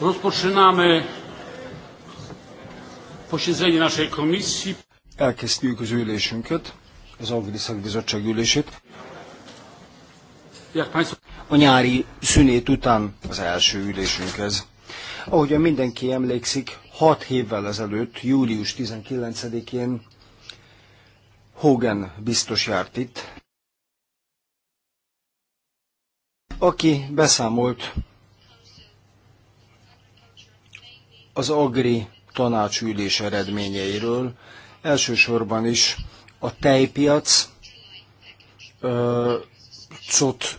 Rozpoczynamy posiedzenie naszej komisji. Elkezdjük az ülésünket, az Agri Szakbizottság ülését. A nyári szünét után az első ülésünk ez. Ahogyan mindenki emlékszik, 6 évvel ezelőtt, július 19-én Hogan biztos járt itt, aki beszámolt az Agri tanácsülés eredményeiről, elsősorban is a tejpiac cot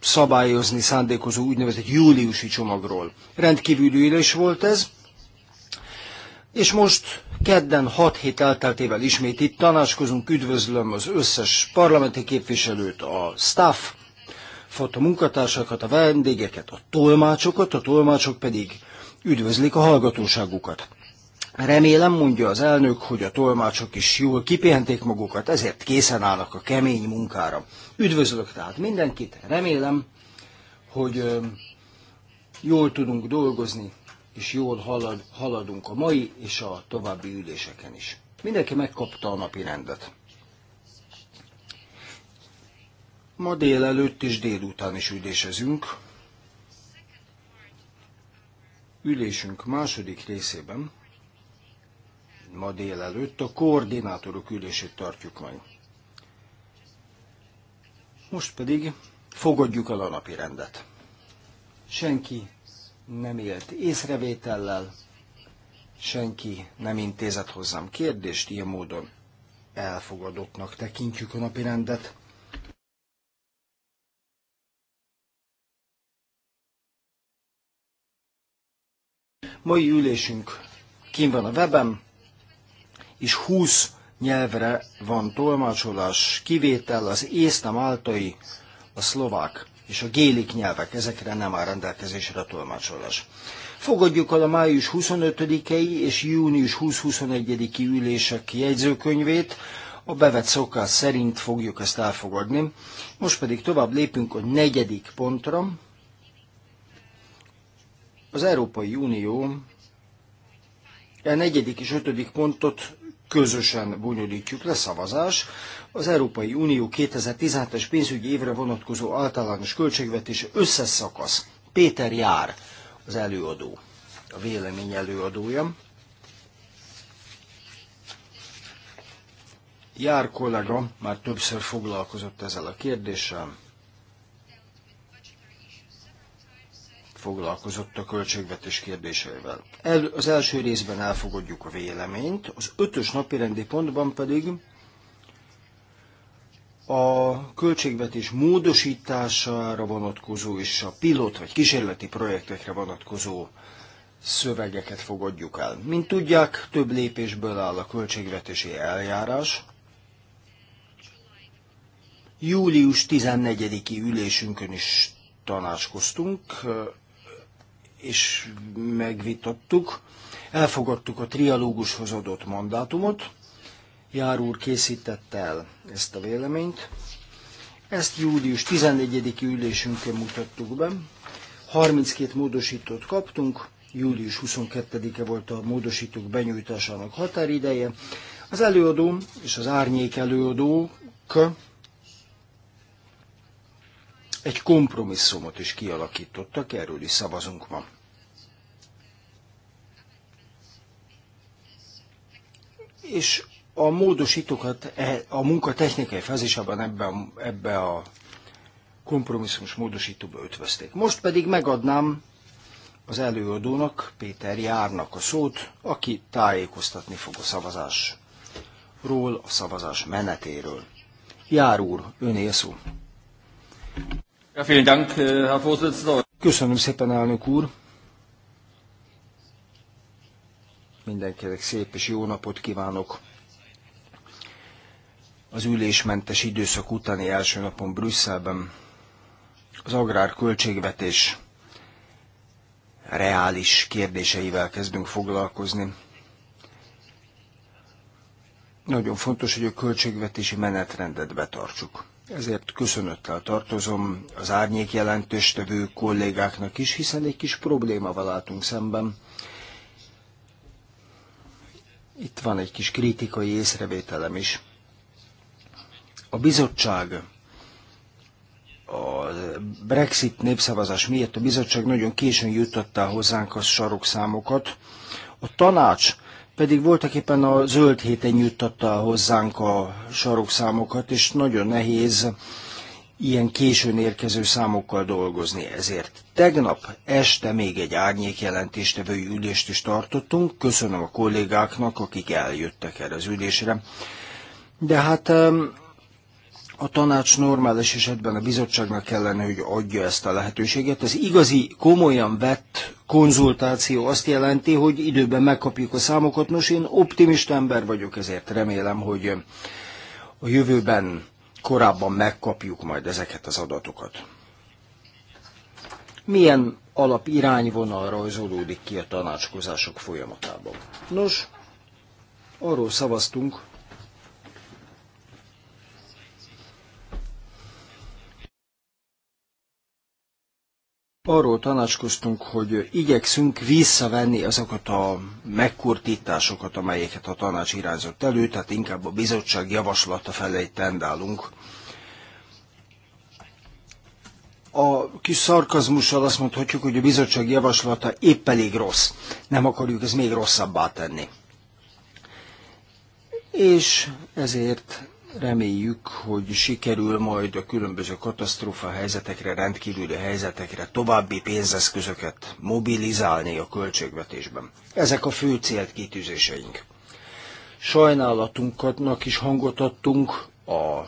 szabályozni szándékozó úgynevezett júliusi csomagról. Rendkívül ülés volt ez, és most kedden hat hét elteltével ismét itt tanácskozunk, üdvözlöm az összes parlamenti képviselőt, a staff, a munkatársakat, a vendégeket, a tolmácsokat, a tolmácsok pedig üdvözlik a hallgatóságukat. Remélem, mondja az elnök, hogy a tolmácsok is jól kipihenték magukat, ezért készen állnak a kemény munkára. Üdvözlök tehát mindenkit, remélem, hogy jól tudunk dolgozni, és jól halad, haladunk a mai és a további üléseken is. Mindenki megkapta a napi rendet. Ma délelőtt és délután is ülésezünk. Ülésünk második részében, ma délelőtt a koordinátorok ülését tartjuk majd. Most pedig fogadjuk el a napi rendet. Senki nem élt észrevétellel, senki nem intézett hozzám kérdést, ilyen módon elfogadottnak tekintjük a napi rendet. Mai ülésünk kim van a webem, és 20 nyelvre van tolmácsolás, kivétel az ész, áltai, a szlovák és a gélik nyelvek, ezekre nem áll rendelkezésre a tolmácsolás. Fogadjuk el a május 25-i és június 20-21-i ülések jegyzőkönyvét, a bevett szokás szerint fogjuk ezt elfogadni. Most pedig tovább lépünk a negyedik pontra. Az Európai Unió a e negyedik és ötödik pontot közösen bonyolítjuk le szavazás. Az Európai Unió 2017-es pénzügyi évre vonatkozó általános költségvetés összeszakasz. Péter Jár az előadó, a vélemény előadója. Jár kollega már többször foglalkozott ezzel a kérdéssel, foglalkozott a költségvetés kérdéseivel. El, az első részben elfogadjuk a véleményt, az ötös napirendi pontban pedig a költségvetés módosítására vonatkozó és a pilot vagy kísérleti projektekre vonatkozó szövegeket fogadjuk el. Mint tudják, több lépésből áll a költségvetési eljárás. Július 14-i ülésünkön is tanácskoztunk, és megvitattuk. Elfogadtuk a trialógushoz adott mandátumot, Jár úr készítette el ezt a véleményt. Ezt július 14. ülésünkön mutattuk be. 32 módosítót kaptunk, július 22-e volt a módosítók benyújtásának határideje. Az előadó és az árnyék előadók egy kompromisszumot is kialakítottak, erről is szavazunk ma. És a módosítókat e, a munka technikai fázisában ebbe a, ebbe a kompromisszumos módosítóba ötvözték. Most pedig megadnám az előadónak, Péter Járnak a szót, aki tájékoztatni fog a szavazásról, a szavazás menetéről. Jár úr, önél szó. Äh, Köszönöm szépen, elnök úr! Mindenkinek szép és jó napot kívánok! Az ülésmentes időszak utáni első napon Brüsszelben az agrár költségvetés reális kérdéseivel kezdünk foglalkozni. Nagyon fontos, hogy a költségvetési menetrendet betartsuk ezért köszönöttel tartozom az árnyék jelentőstevő kollégáknak is, hiszen egy kis problémával álltunk szemben. Itt van egy kis kritikai észrevételem is. A bizottság a Brexit népszavazás miatt a bizottság nagyon későn juttatta hozzánk a sarokszámokat. A tanács pedig voltak éppen a zöld héten nyújtotta hozzánk a sarokszámokat, és nagyon nehéz ilyen későn érkező számokkal dolgozni. Ezért tegnap este még egy árnyék jelentéstevői ülést is tartottunk. Köszönöm a kollégáknak, akik eljöttek erre az ülésre. De hát a tanács normális esetben a bizottságnak kellene, hogy adja ezt a lehetőséget. Az igazi, komolyan vett konzultáció azt jelenti, hogy időben megkapjuk a számokat. Nos, én optimista ember vagyok, ezért remélem, hogy a jövőben korábban megkapjuk majd ezeket az adatokat. Milyen alapirányvonal rajzolódik ki a tanácskozások folyamatában? Nos, arról szavaztunk, arról tanácskoztunk, hogy igyekszünk visszavenni azokat a megkurtításokat, amelyeket a tanács irányzott elő, tehát inkább a bizottság javaslata felé tendálunk. A kis szarkazmussal azt mondhatjuk, hogy a bizottság javaslata épp elég rossz. Nem akarjuk ez még rosszabbá tenni. És ezért reméljük, hogy sikerül majd a különböző katasztrófa helyzetekre, rendkívüli helyzetekre további pénzeszközöket mobilizálni a költségvetésben. Ezek a fő célt kitűzéseink. Sajnálatunknak is hangot adtunk a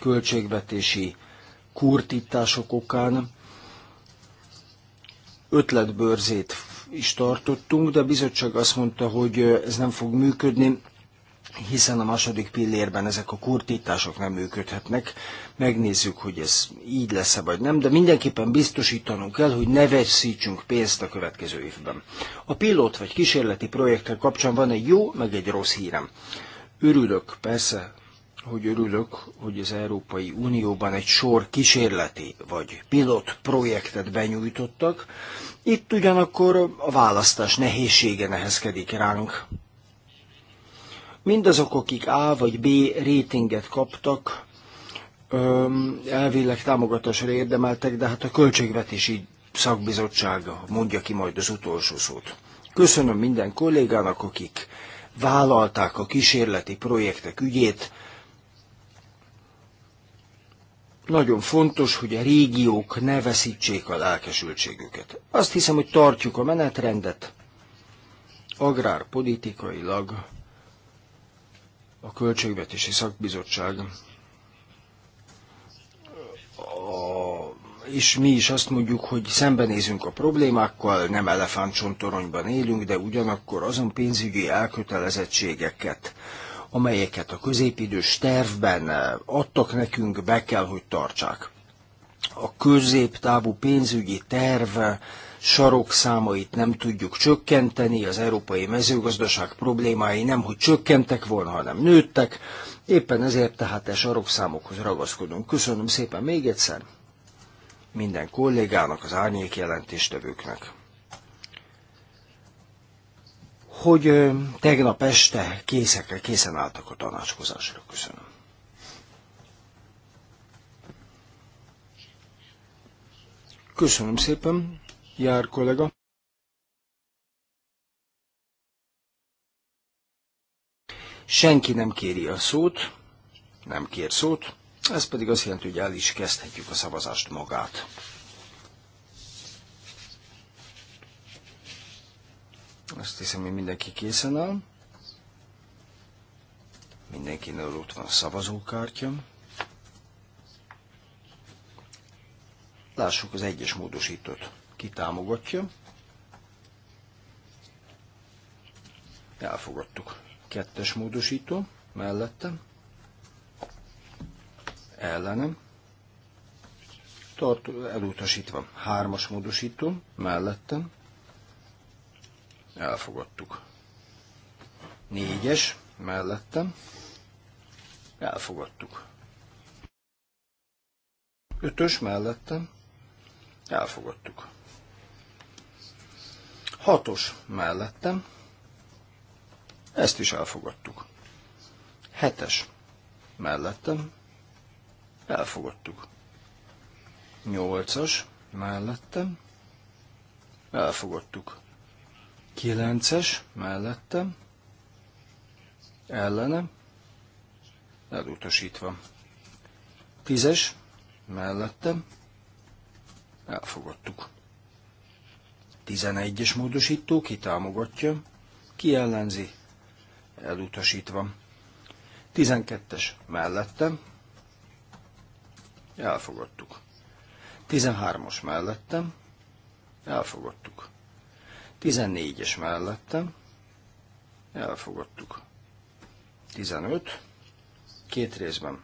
költségvetési kurtítások okán. Ötletbőrzét is tartottunk, de a bizottság azt mondta, hogy ez nem fog működni, hiszen a második pillérben ezek a kurtítások nem működhetnek. Megnézzük, hogy ez így lesz-e vagy nem, de mindenképpen biztosítanunk kell, hogy ne veszítsünk pénzt a következő évben. A pilót vagy kísérleti projekttel kapcsán van egy jó, meg egy rossz hírem. Örülök, persze, hogy örülök, hogy az Európai Unióban egy sor kísérleti vagy pilot projektet benyújtottak. Itt ugyanakkor a választás nehézsége nehezkedik ránk. Mindazok, akik A vagy B rétinget kaptak, elvileg támogatásra érdemeltek, de hát a költségvetési szakbizottsága mondja ki majd az utolsó szót. Köszönöm minden kollégának, akik vállalták a kísérleti projektek ügyét. Nagyon fontos, hogy a régiók ne veszítsék a lelkesültségüket. Azt hiszem, hogy tartjuk a menetrendet. Agrárpolitikailag a Költségvetési Szakbizottság a, és mi is azt mondjuk, hogy szembenézünk a problémákkal, nem elefántcsontoronyban élünk, de ugyanakkor azon pénzügyi elkötelezettségeket, amelyeket a középidős tervben adtak nekünk, be kell, hogy tartsák. A középtávú pénzügyi terv sarok számait nem tudjuk csökkenteni, az európai mezőgazdaság problémái nem, hogy csökkentek volna, hanem nőttek, éppen ezért tehát e sarokszámokhoz ragaszkodunk. Köszönöm szépen még egyszer minden kollégának, az árnyék jelentéstevőknek hogy tegnap este készekre, készen álltak a tanácskozásra. Köszönöm. Köszönöm szépen jár kollega. Senki nem kéri a szót, nem kér szót, ez pedig azt jelenti, hogy el is kezdhetjük a szavazást magát. Azt hiszem, hogy mindenki készen áll. Mindenkinél ott van a szavazókártya. Lássuk az egyes módosítót. Ki támogatja? Elfogadtuk. Kettes módosító, mellettem. Ellenem. Tart, elutasítva. Hármas módosító, mellettem. Elfogadtuk. Négyes, mellettem. Elfogadtuk. Ötös mellettem. Elfogadtuk. Hatos mellettem. Ezt is elfogadtuk. Hetes mellettem. Elfogadtuk. Nyolcas mellettem. Elfogadtuk. Kilences mellettem. Ellenem. Elutasítva. Tízes mellettem. Elfogadtuk. 11-es módosító ki támogatja, ki ellenzi, elutasítva. 12-es mellette, elfogadtuk. 13-as mellette, elfogadtuk. 14-es mellette, elfogadtuk. 15, két részben.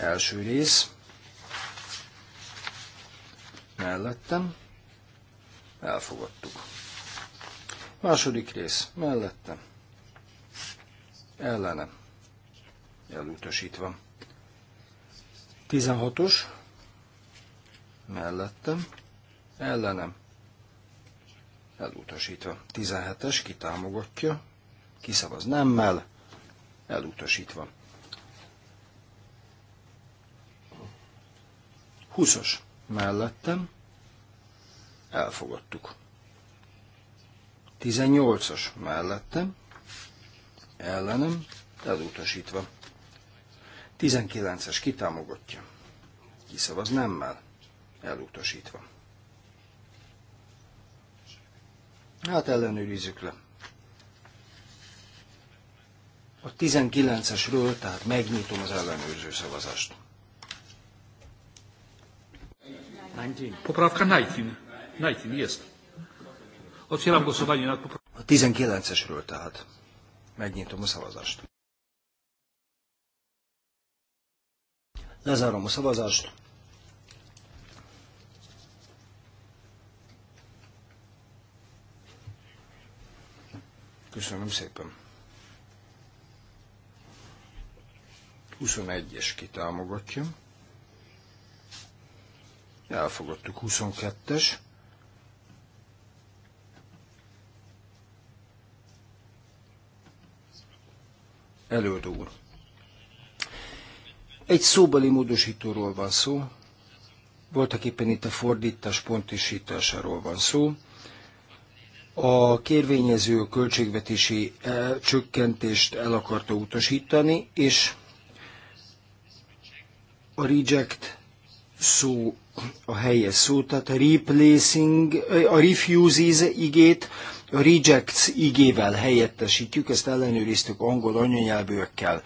Első rész, mellettem, elfogadtuk. Második rész, mellettem, ellenem, elutasítva. 16-os, mellettem, ellenem, elutasítva. 17-es, kitámogatja, kiszavaz nemmel, elutasítva. 20-as mellettem, elfogadtuk. 18-as mellettem, ellenem, elutasítva. 19-es kitámogatja, kiszavaz nemmel, elutasítva. Hát ellenőrizzük le. A 19-esről, tehát megnyitom az ellenőrző szavazást. Poprawka 19. 19 jest. Otwieram głosowanie nad poprawką. A 19-esről tehát. Megnyitom a szavazást. Lezárom a szavazást. Köszönöm szépen. 21-es kitámogatja. Elfogadtuk 22-es. Előadó úr. Egy szóbeli módosítóról van szó, voltak éppen itt a fordítás pontosításáról van szó. A kérvényező költségvetési e, csökkentést el akarta utasítani, és a reject szó a helyes szó, tehát a replacing, a refuses igét, a rejects igével helyettesítjük, ezt ellenőriztük angol anyanyelvőkkel.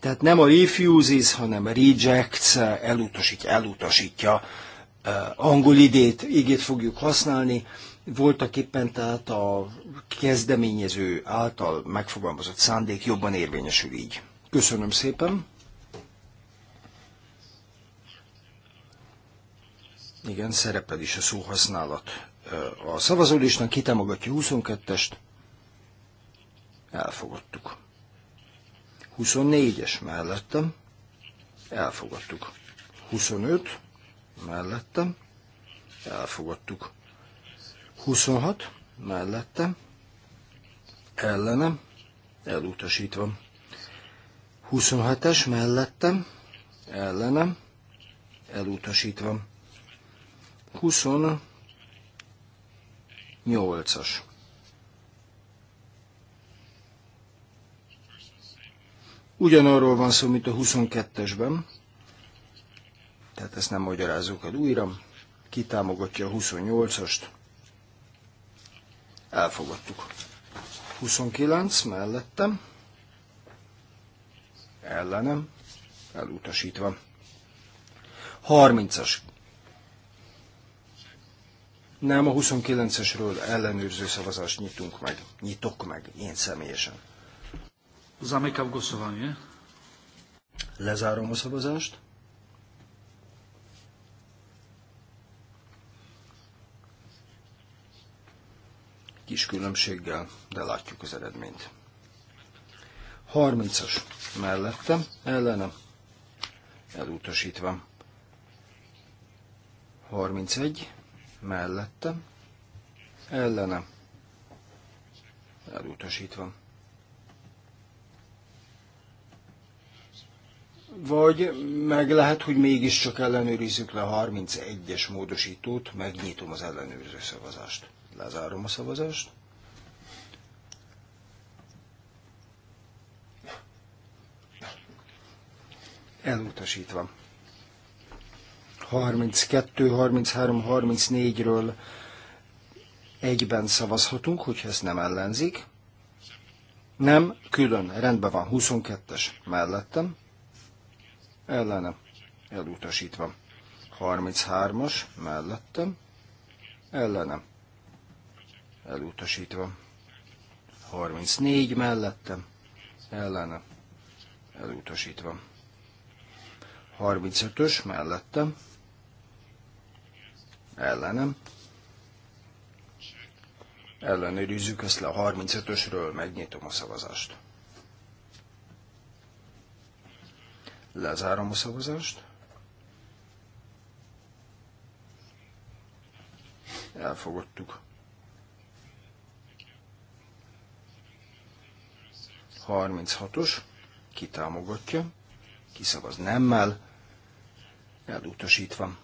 Tehát nem a refuses, hanem a rejects elutasítja, elutasítja eh, angol idét, igét fogjuk használni. Voltak éppen tehát a kezdeményező által megfogalmazott szándék jobban érvényesül így. Köszönöm szépen! Igen, szerepel is a szóhasználat. A szavazólistán kitámogatja 22-est? Elfogadtuk. 24-es mellettem? Elfogadtuk. 25 mellettem? Elfogadtuk. 26 mellettem? Ellenem? Elutasítva. 27-es mellettem? Ellenem? Elutasítva. 28-as. Ugyanarról van szó, mint a 22-esben, tehát ezt nem magyarázzuk el újra. Kitámogatja a 28-ast? Elfogadtuk. 29 mellettem, ellenem, elutasítva. 30-as nem, a 29-esről ellenőrző szavazást nyitunk meg. Nyitok meg, én személyesen. Zamekav głosowanie. Lezárom a szavazást. Kis különbséggel, de látjuk az eredményt. 30-as mellette, ellene, elutasítva. 31, mellette, Ellenem? elutasítva. Vagy meg lehet, hogy mégiscsak ellenőrizzük le a 31-es módosítót, megnyitom az ellenőrző szavazást. Lezárom a szavazást. Elutasítva. 32, 33, 34-ről egyben szavazhatunk, hogyha ezt nem ellenzik. Nem, külön, rendben van, 22-es mellettem, ellenem, elutasítva. 33-as mellettem, ellenem, elutasítva. 34 mellettem, ellenem, elutasítva. 35-ös mellettem, ellenem. Ellenőrizzük ezt le a 35-ösről, megnyitom a szavazást. Lezárom a szavazást. Elfogadtuk. 36-os, kitámogatja, Kiszavaz nemmel, elutasítva.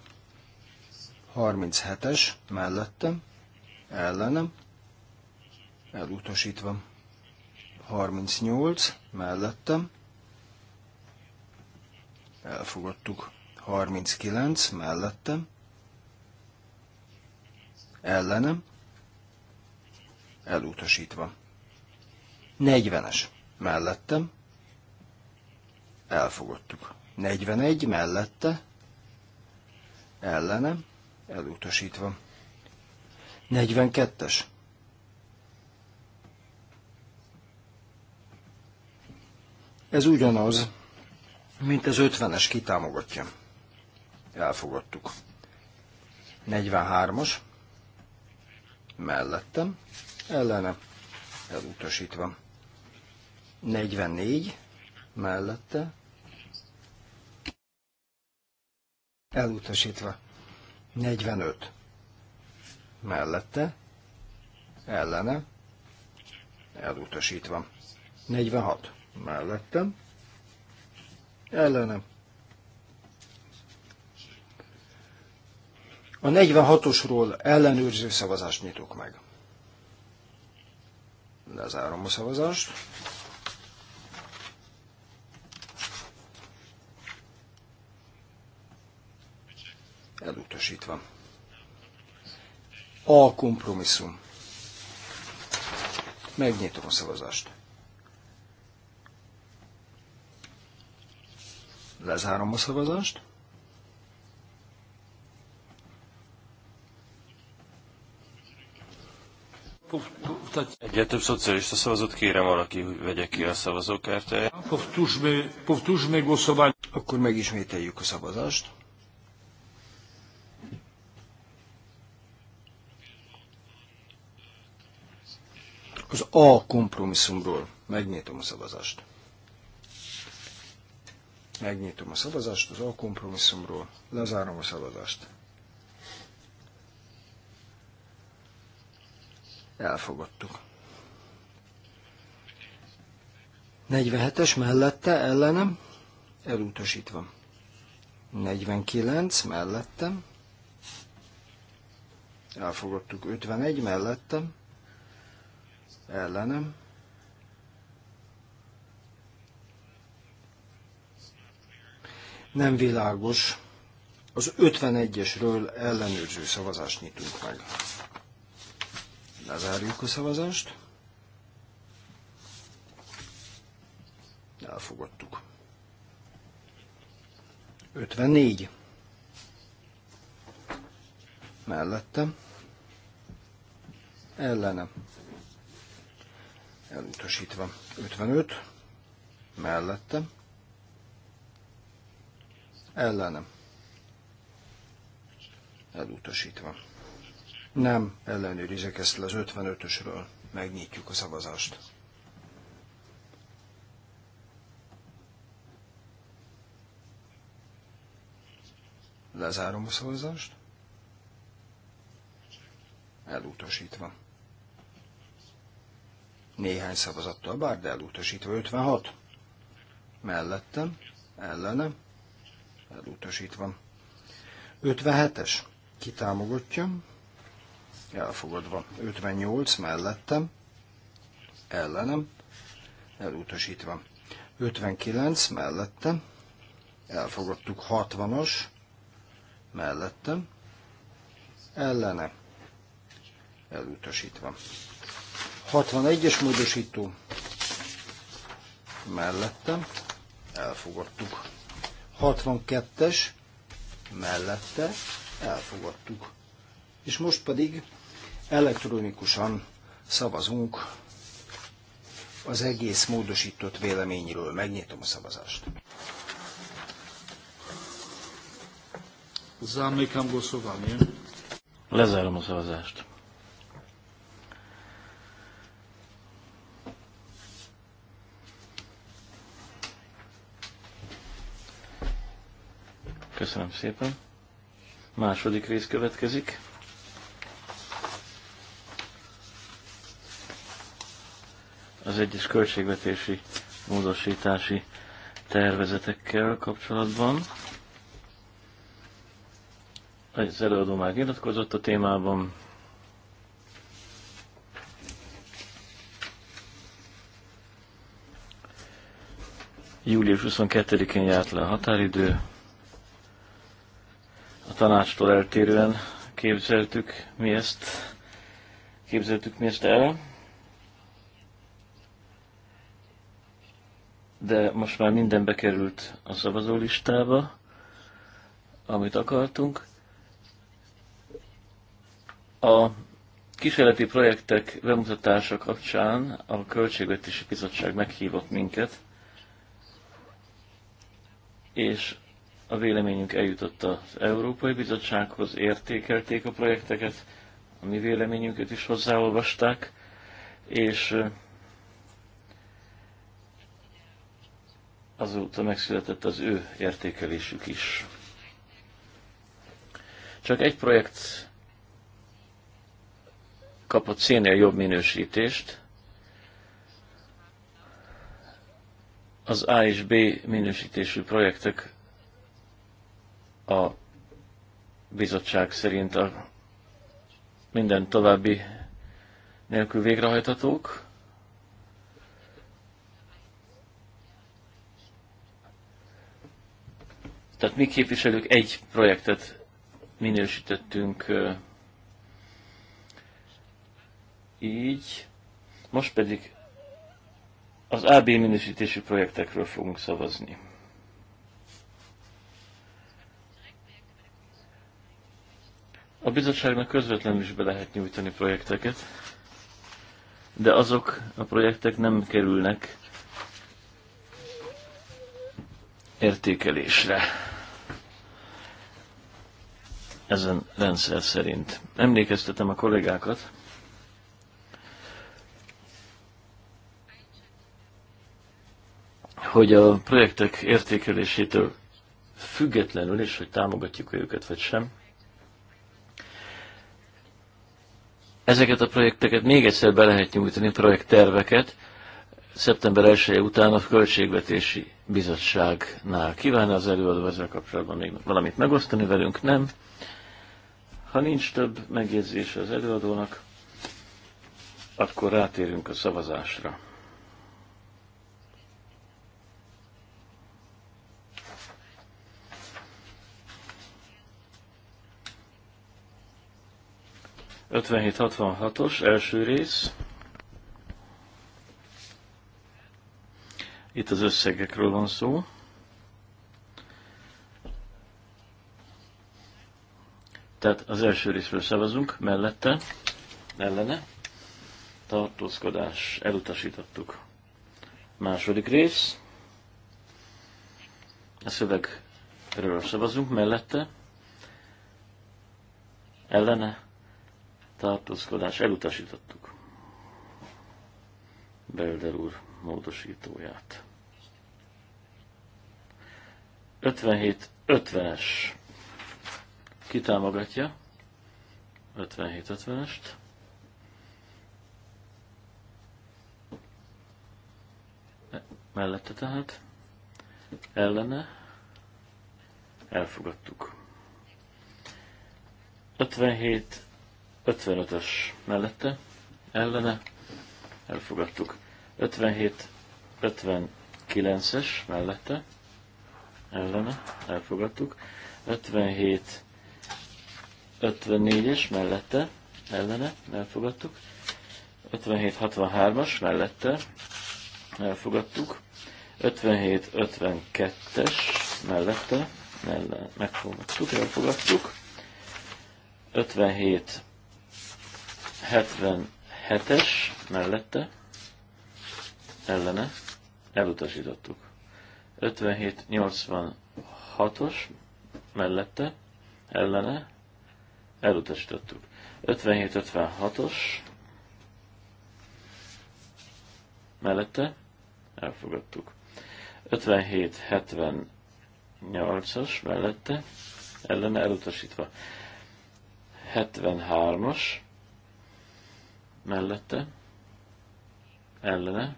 37-es mellettem, ellenem, elutasítva. 38 mellettem, elfogadtuk. 39 mellettem, ellenem, elutasítva. 40-es mellettem, elfogadtuk. 41 mellette, ellenem, elutasítva. 42-es. Ez ugyanaz, mint az 50-es kitámogatja. Elfogadtuk. 43-as. Mellettem, ellene, elutasítva. 44, mellette, elutasítva. 45. Mellette, ellene, elutasítva. 46. Mellettem, ellenem. A 46-osról ellenőrző szavazást nyitok meg. Lezárom a szavazást. elutasítva. A kompromisszum. Megnyitom a szavazást. Lezárom a szavazást. Egyre több szocialista szavazott, kérem valaki, hogy vegye ki a szavazókártyáját. Akkor megismételjük a szavazást. Az A kompromisszumról megnyitom a szavazást. Megnyitom a szavazást az A kompromisszumról, lezárom a szavazást. Elfogadtuk. 47-es mellette, ellenem, elutasítva. 49 mellettem, elfogadtuk 51 mellettem, ellenem. Nem világos. Az 51-esről ellenőrző szavazást nyitunk meg. Lezárjuk a szavazást. Elfogadtuk. 54. Mellettem. Ellenem elutasítva. 55 Mellette. ellenem, elutasítva. Nem ellenőrizek ezt le az 55-ösről, megnyitjuk a szavazást. Lezárom a szavazást. Elutasítva néhány szavazattal, bár de elutasítva 56. Mellettem, ellenem, elutasítva. 57-es, kitámogatja, elfogadva. 58 mellettem, ellenem, elutasítva. 59 mellettem, elfogadtuk 60-as, mellettem, ellene, elutasítva. 61-es módosító mellettem, elfogadtuk. 62-es mellette, elfogadtuk. És most pedig elektronikusan szavazunk az egész módosított véleményről. Megnyitom a szavazást. Zamykam głosowanie. Lezárom a szavazást. Köszönöm szépen. Második rész következik. Az egyes költségvetési módosítási tervezetekkel kapcsolatban. Az előadó már nyilatkozott a témában. Július 22-én járt le a határidő tanácstól eltérően képzeltük mi ezt, képzeltük mi ezt el. De most már minden bekerült a szavazólistába, amit akartunk. A kísérleti projektek bemutatása kapcsán a Költségvetési Bizottság meghívott minket, és a véleményünk eljutott az Európai Bizottsághoz, értékelték a projekteket, a mi véleményünket is hozzáolvasták, és azóta megszületett az ő értékelésük is. Csak egy projekt kapott szénél jobb minősítést, az A és B minősítésű projektek a bizottság szerint a minden további nélkül végrehajthatók. Tehát mi képviselők egy projektet minősítettünk így, most pedig az AB minősítésű projektekről fogunk szavazni. A bizottságnak közvetlenül is be lehet nyújtani projekteket, de azok a projektek nem kerülnek értékelésre ezen rendszer szerint. Emlékeztetem a kollégákat, hogy a projektek értékelésétől függetlenül, és hogy támogatjuk őket vagy sem, Ezeket a projekteket még egyszer be lehet nyújtani, projektterveket, szeptember 1 után a Költségvetési Bizottságnál. Kívánna az előadó ezzel kapcsolatban még valamit megosztani velünk? Nem. Ha nincs több megjegyzése az előadónak, akkor rátérünk a szavazásra. 57-66-os első rész. Itt az összegekről van szó. Tehát az első részről szavazunk, mellette, ellene, tartózkodás, elutasítottuk. Második rész, a szövegről szavazunk, mellette, ellene, tartózkodás elutasítottuk. Belder úr módosítóját. 57-50-es kitámogatja 57-50-est. Mellette tehát ellene elfogadtuk. 57 55-ös mellette, ellene, elfogadtuk. 57, 59-es mellette, ellene, elfogadtuk. 57, 54-es mellette, ellene, elfogadtuk. 57-63-as mellette, elfogadtuk. 57-52-es mellette, ellen, megfogadtuk, elfogadtuk. 57 77-es mellette ellene elutasítottuk. 57-86-os mellette ellene elutasítottuk. 57-56-os mellette elfogadtuk. 57-78-as mellette ellene elutasítva. 73-as mellette, ellene,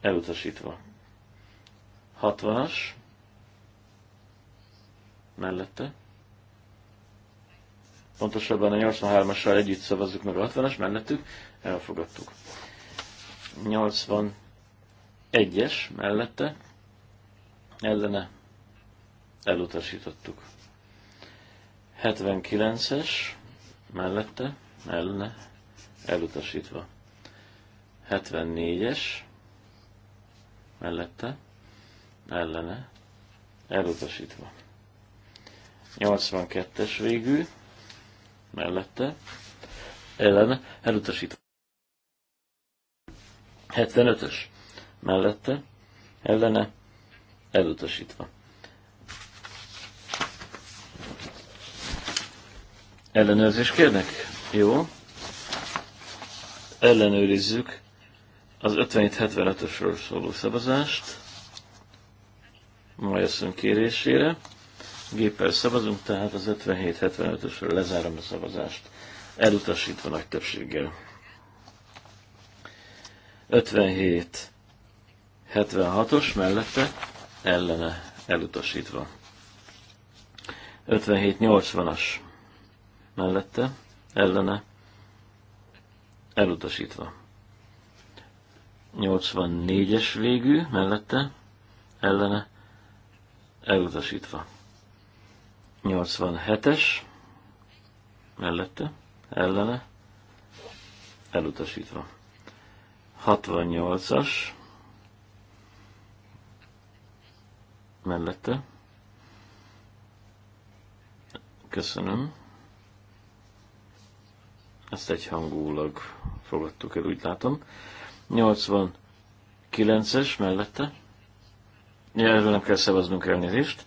elutasítva. 60-as, mellette, pontosabban a 83-assal együtt szavazzuk meg a 60-as, mellettük, elfogadtuk. 81-es mellette, ellene, elutasítottuk. 79-es mellette, ellene, elutasítva. 74-es mellette, ellene, elutasítva. 82-es végű, mellette, ellene, elutasítva. 75-ös mellette, ellene, elutasítva. Ellenőrzést kérnek? Jó ellenőrizzük az 57-75-ösről szóló szavazást, Majasszony kérésére. Géppel szavazunk, tehát az 57-75-ösről lezárom a szavazást, elutasítva nagy többséggel. 57-76-os mellette ellene elutasítva. 57-80-as mellette ellene elutasítva. 84-es végű, mellette, ellene, elutasítva. 87-es, mellette, ellene, elutasítva. 68-as, mellette, köszönöm. Ezt egyhangulag fogadtuk el, úgy látom. 89-es mellette. Ja, erről nem kell szavaznunk elnézést.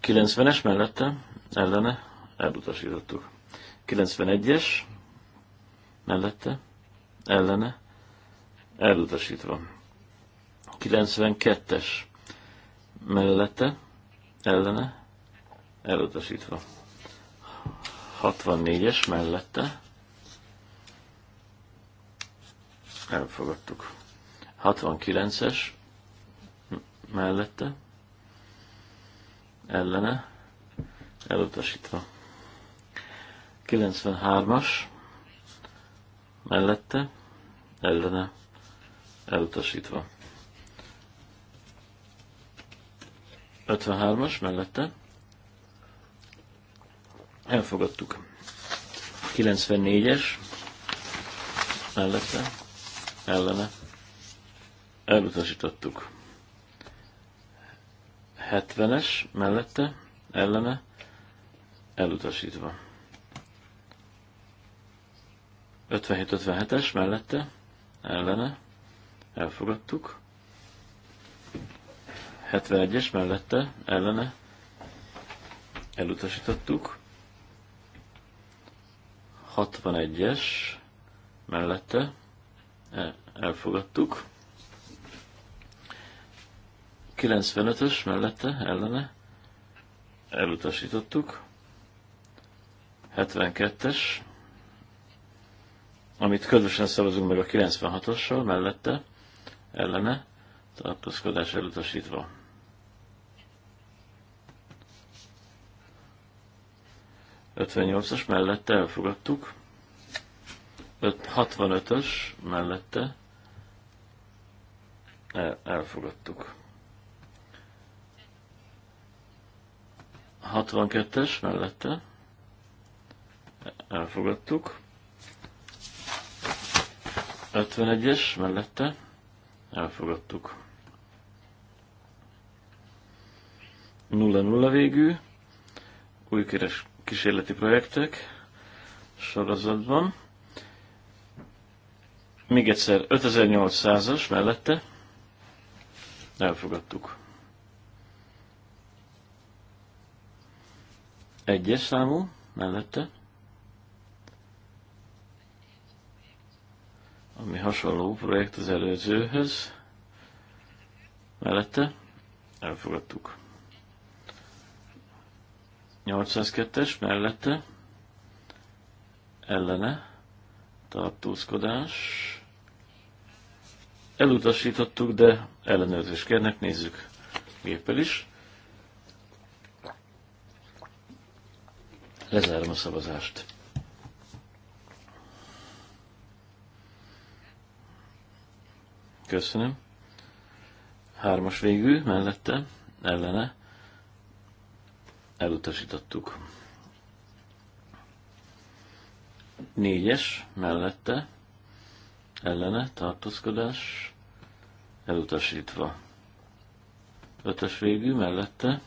Kilencvenes mellette, ellene, elutasítottuk. 91-es mellette, ellene, elutasítva. 92-es mellette, ellene, elutasítva. 64-es mellette elfogadtuk. 69-es mellette ellene elutasítva. 93-as mellette ellene elutasítva. 53-as mellette Elfogadtuk. 94-es mellette, ellene. Elutasítottuk. 70-es mellette, ellene. Elutasítva. 57-57-es mellette, ellene, elfogadtuk. 71-es mellette, ellene, elutasítottuk. 61-es mellette e, elfogadtuk. 95-ös mellette ellene elutasítottuk. 72-es, amit közösen szavazunk meg a 96-ossal mellette ellene tartózkodás elutasítva. 58-as mellette elfogadtuk. 65-ös mellette elfogadtuk. 62-es mellette elfogadtuk. 51-es mellette elfogadtuk. 0-0 végű, új keres kísérleti projektek sorozatban. Még egyszer 5800-as mellette elfogadtuk. Egyes számú mellette, ami hasonló projekt az előzőhöz, mellette elfogadtuk. 802-es mellette ellene tartózkodás. Elutasítottuk, de ellenőrzést kérnek, nézzük géppel is. Lezárom a szavazást. Köszönöm. Hármas végű, mellette, ellene elutasítottuk. Négyes mellette ellene tartózkodás elutasítva. Ötös végű mellette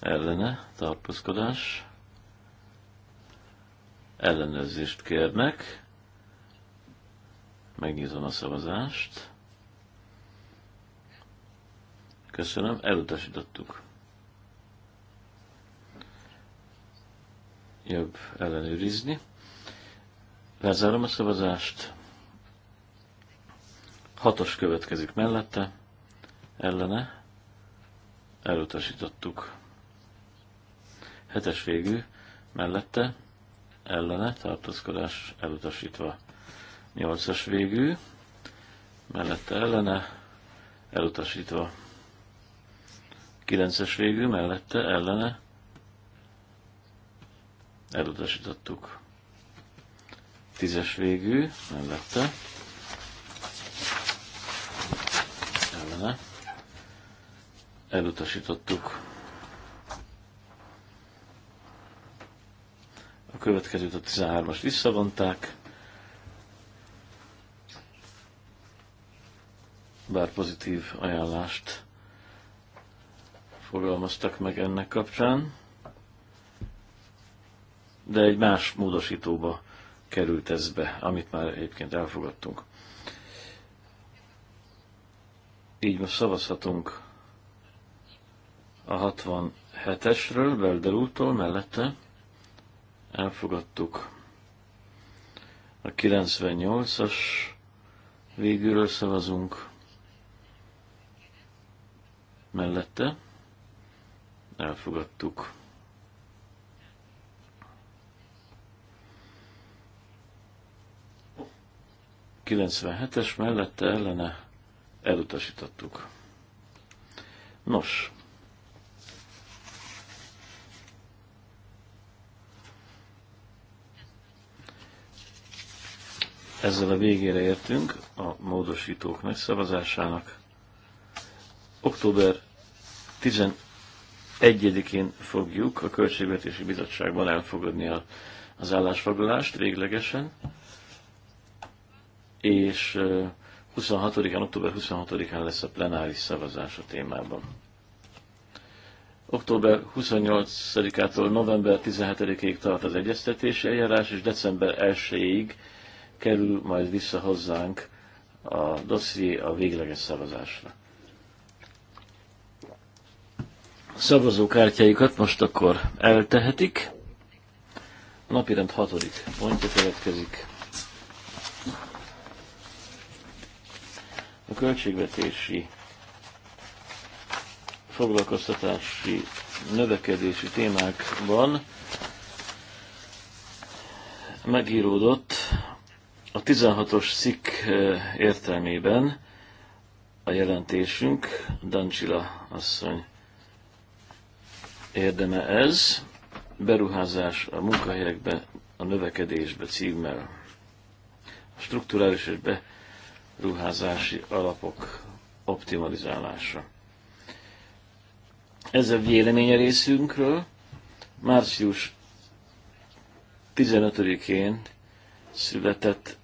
ellene tartózkodás ellenőrzést kérnek. Megnyitom a szavazást. Köszönöm, elutasítottuk. jobb ellenőrizni. Lezárom a szavazást. Hatos következik mellette, ellene, elutasítottuk. Hetes végű, mellette, ellene, tartózkodás elutasítva. Nyolcas végű, mellette, ellene, elutasítva. Kilences végű, mellette, ellene, elutasítottuk. Tízes végű, vette. Ellene. Elutasítottuk. A következőt a 13-as visszavonták. Bár pozitív ajánlást fogalmaztak meg ennek kapcsán de egy más módosítóba került ez be, amit már egyébként elfogadtunk. Így most szavazhatunk a 67-esről, Belder úrtól mellette. Elfogadtuk a 98-as végülről szavazunk mellette. Elfogadtuk 97-es mellette ellene elutasítottuk. Nos, ezzel a végére értünk a módosítók megszavazásának. Október 11-én fogjuk a Költségvetési Bizottságban elfogadni az állásfoglalást véglegesen és 26-án, október 26-án lesz a plenáris szavazás a témában. Október 28-ától november 17-ig tart az egyeztetési eljárás, és december 1-ig kerül majd vissza hozzánk a dosszié a végleges szavazásra. A szavazókártyáikat most akkor eltehetik. A napirend hatodik pontja következik. A költségvetési foglalkoztatási növekedési témákban megíródott a 16-os szik eh, értelmében a jelentésünk, Dancsila asszony érdeme ez, beruházás a munkahelyekbe, a növekedésbe címmel. A strukturális és ruházási alapok optimalizálása. Ez a véleménye részünkről. Március 15-én született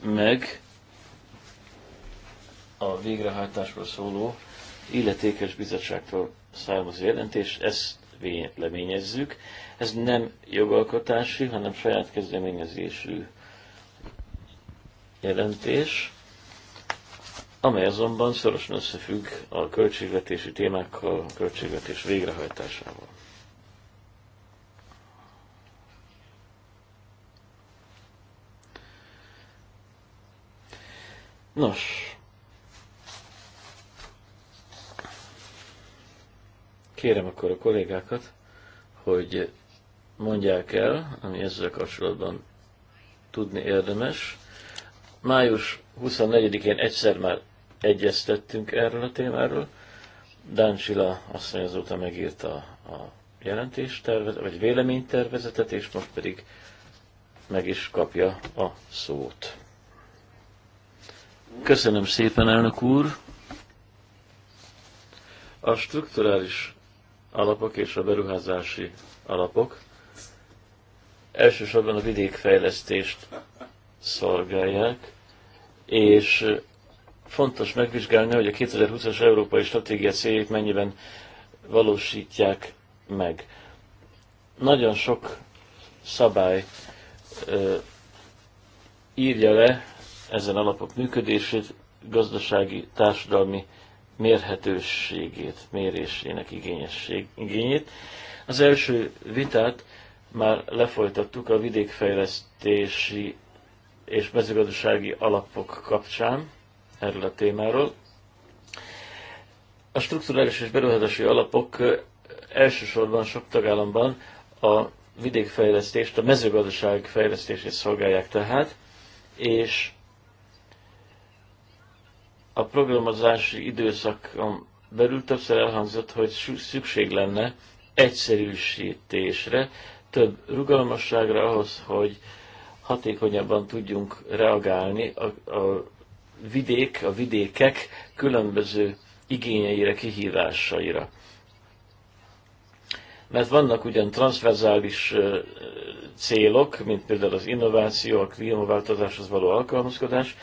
meg a végrehajtásról szóló illetékes bizottságtól származó jelentés, ezt véleményezzük. Ez nem jogalkotási, hanem saját kezdeményezésű jelentés amely azonban szorosan összefügg a költségvetési témákkal, a költségvetés végrehajtásával. Nos, kérem akkor a kollégákat, hogy mondják el, ami ezzel kapcsolatban tudni érdemes. Május 24-én egyszer már egyeztettünk erről a témáról. azt mondja, azóta megírta a jelentéstervezet, vagy véleménytervezetet, és most pedig meg is kapja a szót. Köszönöm szépen, elnök úr! A strukturális alapok és a beruházási alapok elsősorban a vidékfejlesztést szolgálják, és fontos megvizsgálni, hogy a 2020-as európai stratégia céljait mennyiben valósítják meg. Nagyon sok szabály ö, írja le ezen alapok működését, gazdasági, társadalmi mérhetőségét, mérésének igényesség, igényét. Az első vitát már lefolytattuk a vidékfejlesztési és mezőgazdasági alapok kapcsán erről a témáról. A strukturális és beruházási alapok elsősorban sok tagállamban a vidékfejlesztést, a mezőgazdaság fejlesztését szolgálják tehát, és a programozási időszakon belül többször elhangzott, hogy szükség lenne egyszerűsítésre, több rugalmasságra ahhoz, hogy hatékonyabban tudjunk reagálni a, a vidék, a vidékek különböző igényeire, kihívásaira. Mert vannak ugyan transzverzális célok, mint például az innováció, a klímaváltozáshoz való alkalmazkodás,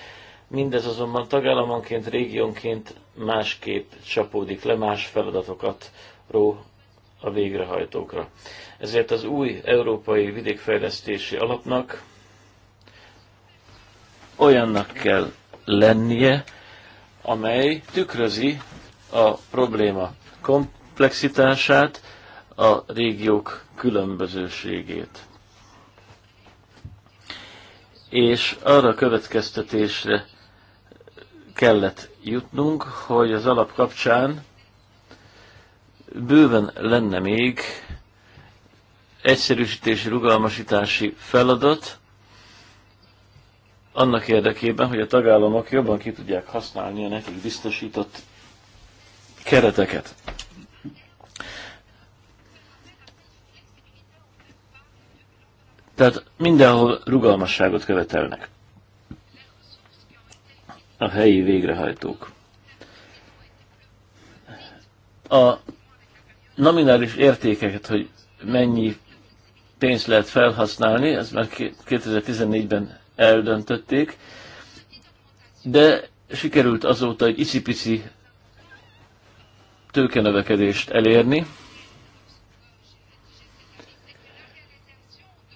mindez azonban tagállamonként, régiónként másképp csapódik le, más feladatokat ró a végrehajtókra. Ezért az új európai vidékfejlesztési alapnak olyannak kell lennie, amely tükrözi a probléma komplexitását, a régiók különbözőségét. És arra következtetésre kellett jutnunk, hogy az alap kapcsán bőven lenne még egyszerűsítési, rugalmasítási feladat, annak érdekében, hogy a tagállamok jobban ki tudják használni a nekik biztosított kereteket. Tehát mindenhol rugalmasságot követelnek a helyi végrehajtók. A nominális értékeket, hogy mennyi pénzt lehet felhasználni, ez már 2014-ben eldöntötték, de sikerült azóta egy icipici tőkenövekedést elérni,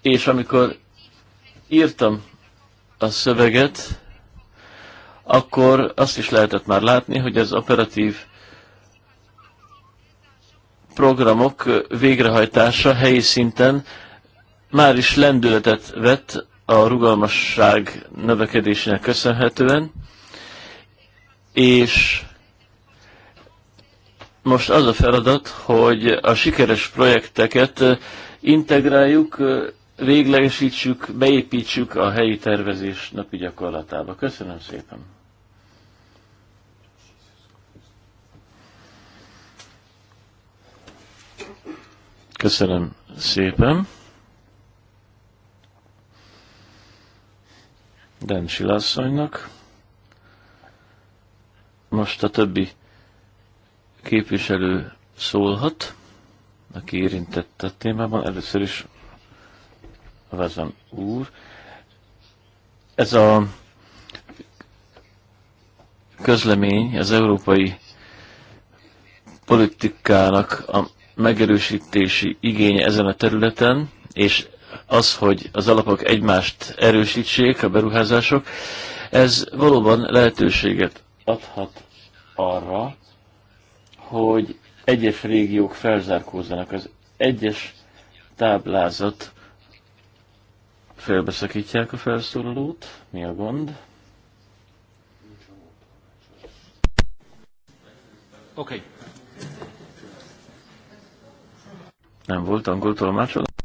és amikor írtam a szöveget, akkor azt is lehetett már látni, hogy az operatív programok végrehajtása helyi szinten már is lendületet vett a rugalmasság növekedésének köszönhetően, és most az a feladat, hogy a sikeres projekteket integráljuk, véglegesítsük, beépítsük a helyi tervezés napi gyakorlatába. Köszönöm szépen! Köszönöm szépen! Bencsi asszonynak. Most a többi képviselő szólhat, aki érintett a témában. Először is Vezem úr. Ez a közlemény az európai politikának a megerősítési igénye ezen a területen, és az, hogy az alapok egymást erősítsék, a beruházások, ez valóban lehetőséget adhat arra, hogy egyes régiók felzárkózzanak. Az egyes táblázat felbeszakítják a felszólalót. Mi a gond? Oké. Okay. Nem volt angol tolmácsolat?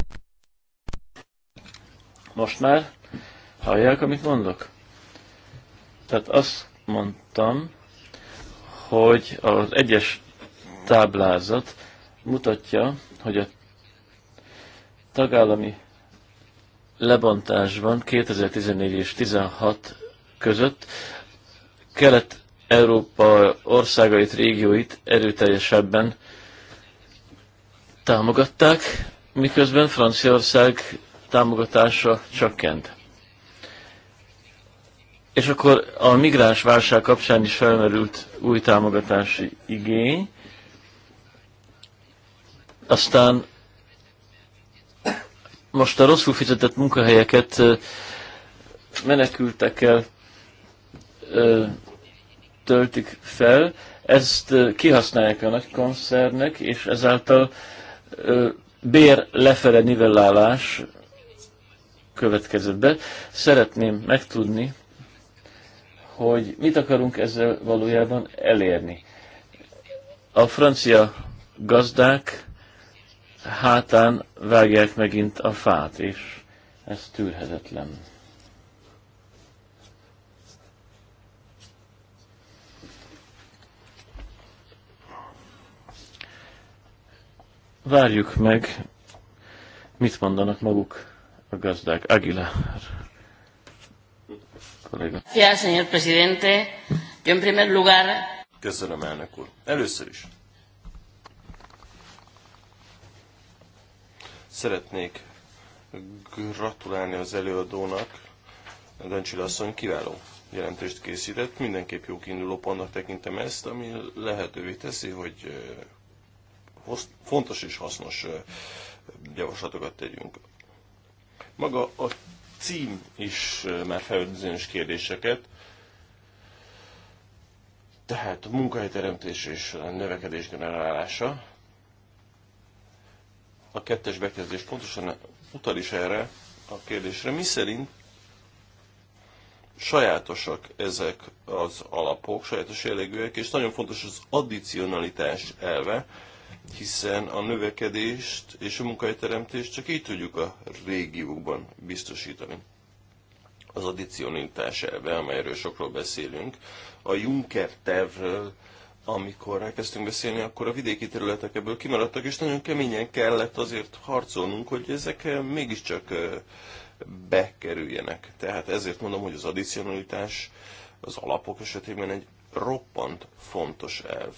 Most már hallják, amit mondok? Tehát azt mondtam, hogy az egyes táblázat mutatja, hogy a tagállami lebontásban 2014 és 16 között Kelet-Európa országait, régióit erőteljesebben támogatták, miközben Franciaország támogatása csökkent. És akkor a migráns válság kapcsán is felmerült új támogatási igény. Aztán most a rosszul fizetett munkahelyeket menekültekkel töltik fel, ezt kihasználják a nagy koncernek, és ezáltal bér lefele nivellálás következett be. Szeretném megtudni, hogy mit akarunk ezzel valójában elérni. A francia gazdák hátán vágják megint a fát, és ez tűrhetetlen. Várjuk meg, mit mondanak maguk a gazdák. Aguilar. Köszönöm, elnök úr. Először is. Szeretnék gratulálni az előadónak. Dancsila asszony kiváló jelentést készített. Mindenképp jó kiinduló pontnak tekintem ezt, ami lehetővé teszi, hogy eh, fontos és hasznos eh, javaslatokat tegyünk. Maga a cím is már felült bizonyos kérdéseket, tehát a munkahelyteremtés és a növekedés generálása. A kettes bekezdés pontosan utal is erre a kérdésre, mi szerint sajátosak ezek az alapok, sajátos jellegűek, és nagyon fontos az addicionalitás elve, hiszen a növekedést és a munkahelyteremtést csak így tudjuk a régiókban biztosítani. Az addicionitás elve, amelyről sokról beszélünk, a Juncker tervről, amikor elkezdtünk beszélni, akkor a vidéki területek ebből kimaradtak, és nagyon keményen kellett azért harcolnunk, hogy ezek mégiscsak bekerüljenek. Tehát ezért mondom, hogy az addicionalitás az alapok esetében egy roppant fontos elv.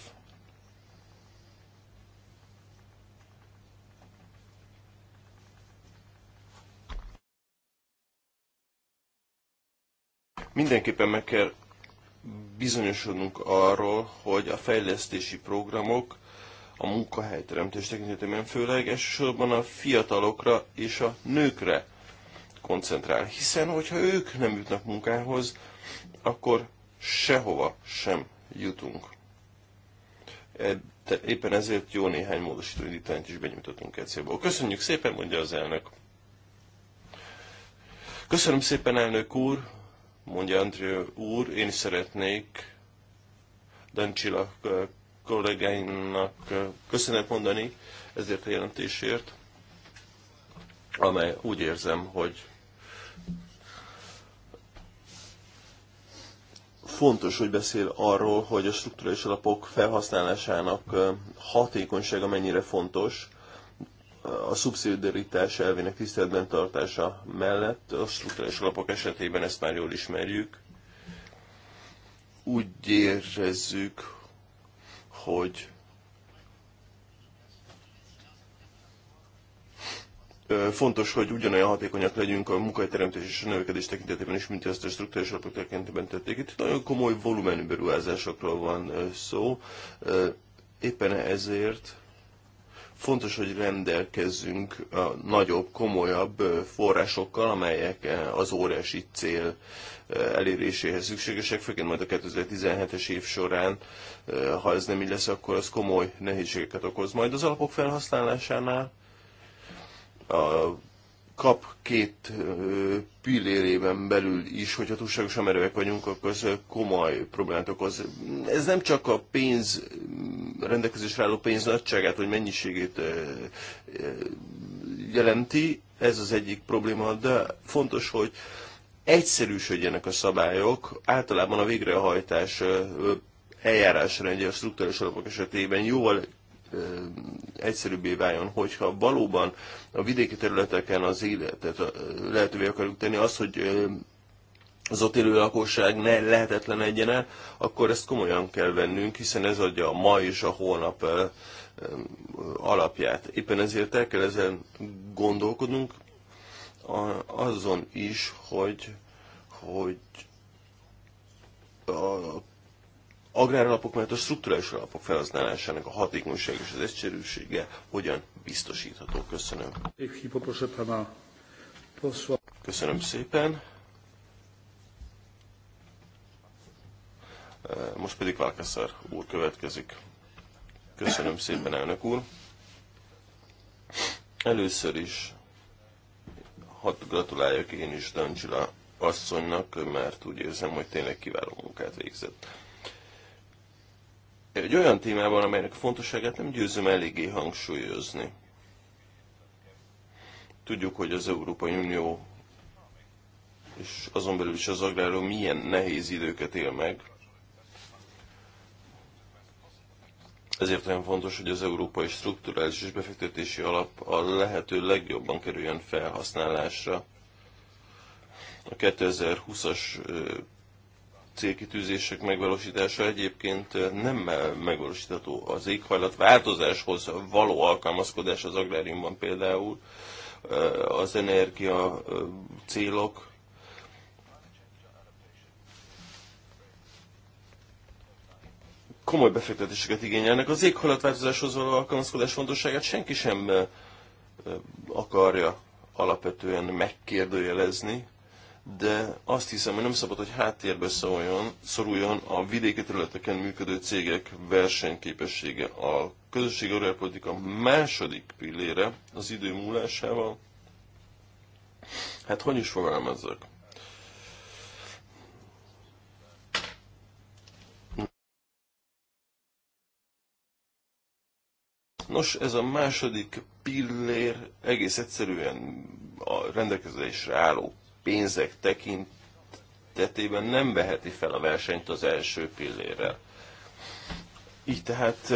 Mindenképpen meg kell bizonyosodnunk arról, hogy a fejlesztési programok a munkahelyteremtés tekintetében főleg elsősorban a fiatalokra és a nőkre koncentrál. Hiszen, hogyha ők nem jutnak munkához, akkor sehova sem jutunk. E, éppen ezért jó néhány módosító indítványt is benyújtottunk egy célból. Köszönjük szépen, mondja az elnök. Köszönöm szépen, elnök úr! mondja Andrő úr, én is szeretnék Dancsila eh, kollégáinak eh, köszönet mondani ezért a jelentésért, amely úgy érzem, hogy fontos, hogy beszél arról, hogy a struktúrális alapok felhasználásának eh, hatékonysága mennyire fontos, a szubszidiaritás elvének tiszteletben tartása mellett a struktúrális alapok esetében ezt már jól ismerjük. Úgy érezzük, hogy fontos, hogy ugyanolyan hatékonyak legyünk a munkahelyteremtés és a növekedés tekintetében is, mint ezt a struktúrás alapok tekintetében tették. Itt nagyon komoly volumenű beruházásokról van szó. Éppen ezért Fontos, hogy rendelkezzünk a nagyobb, komolyabb forrásokkal, amelyek az óriási cél eléréséhez szükségesek, főként majd a 2017-es év során, ha ez nem így lesz, akkor az komoly nehézségeket okoz. Majd az alapok felhasználásánál a kap két pillérében belül is, hogyha túlságosan merőek vagyunk, akkor ez komoly problémát okoz. Ez nem csak a pénz, mm, rendelkezésre álló pénz nagyságát, vagy mennyiségét jelenti, ez az egyik probléma, de fontos, hogy egyszerűsödjenek a szabályok, általában a végrehajtás eljárásrendje a struktúrás alapok esetében jóval egyszerűbbé váljon, hogyha valóban a vidéki területeken az életet lehetővé akarjuk tenni, az, hogy az ott élő lakosság ne lehetetlen egyen el, akkor ezt komolyan kell vennünk, hiszen ez adja a ma és a holnap alapját. Éppen ezért el kell ezen gondolkodnunk, azon is, hogy, hogy a agráralapok mellett a struktúrális alapok felhasználásának a hatékonyság és az egyszerűsége hogyan biztosítható. Köszönöm. Köszönöm szépen. Most pedig Válkászár úr következik. Köszönöm szépen, elnök úr. Először is hadd gratuláljak én is Dancsila asszonynak, mert úgy érzem, hogy tényleg kiváló munkát végzett egy olyan témában, amelynek fontosságát nem győzöm eléggé hangsúlyozni. Tudjuk, hogy az Európai Unió és azon belül is az agrárium milyen nehéz időket él meg. Ezért olyan fontos, hogy az európai strukturális és befektetési alap a lehető legjobban kerüljön felhasználásra. A 2020-as célkitűzések megvalósítása egyébként nem megvalósítható. Az változáshoz való alkalmazkodás az agráriumban például, eh, az energia eh, célok, komoly befektetéseket igényelnek. Az éghajlatváltozáshoz való alkalmazkodás fontosságát senki sem eh, akarja alapvetően megkérdőjelezni de azt hiszem, hogy nem szabad, hogy háttérbe szóljon, szoruljon a vidéki területeken működő cégek versenyképessége. A közösségi agrárpolitika második pillére az idő múlásával, hát hogy is fogalmazzak? Nos, ez a második pillér egész egyszerűen a rendelkezésre álló pénzek tekintetében nem veheti fel a versenyt az első pillérrel. Így tehát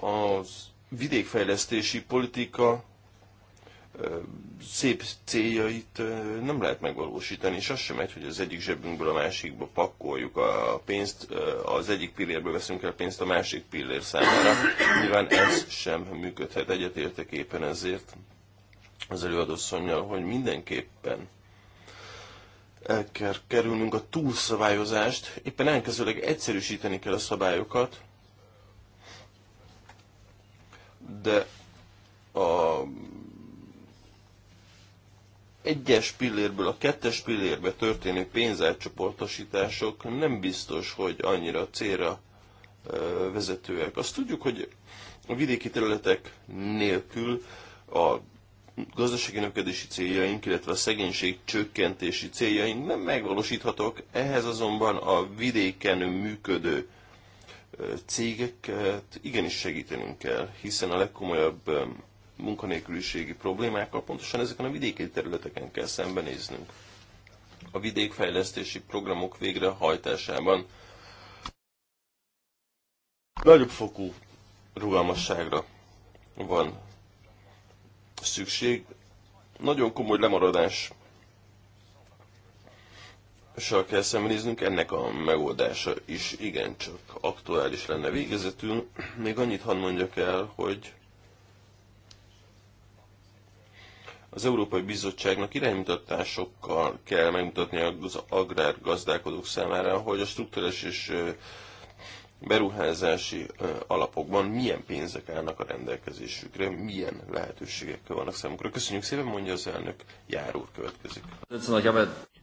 az vidékfejlesztési politika szép céljait nem lehet megvalósítani, és az sem megy, hogy az egyik zsebünkből a másikba pakoljuk a pénzt, az egyik pillérből veszünk el pénzt a másik pillér számára. Nyilván ez sem működhet. Egyetértek éppen ezért az előadó hogy mindenképpen el kell kerülnünk a túlszabályozást, éppen elkezőleg egyszerűsíteni kell a szabályokat, de a egyes pillérből a kettes pillérbe történő pénzátcsoportosítások nem biztos, hogy annyira célra vezetőek. Azt tudjuk, hogy a vidéki területek nélkül a gazdasági növekedési céljaink, illetve a szegénység csökkentési céljaink nem megvalósíthatók, ehhez azonban a vidéken működő cégeket igenis segítenünk kell, hiszen a legkomolyabb munkanélküliségi problémákkal pontosan ezeken a vidéki területeken kell szembenéznünk. A vidékfejlesztési programok végrehajtásában nagyobb fokú rugalmasságra van szükség. Nagyon komoly lemaradás sal kell szembenéznünk, ennek a megoldása is igencsak aktuális lenne végezetül. Még annyit hadd mondjak el, hogy az Európai Bizottságnak iránymutatásokkal kell megmutatni az agrárgazdálkodók számára, hogy a struktúrás és beruházási alapokban milyen pénzek állnak a rendelkezésükre, milyen lehetőségek vannak számukra. Köszönjük szépen, mondja az elnök, jár úr következik.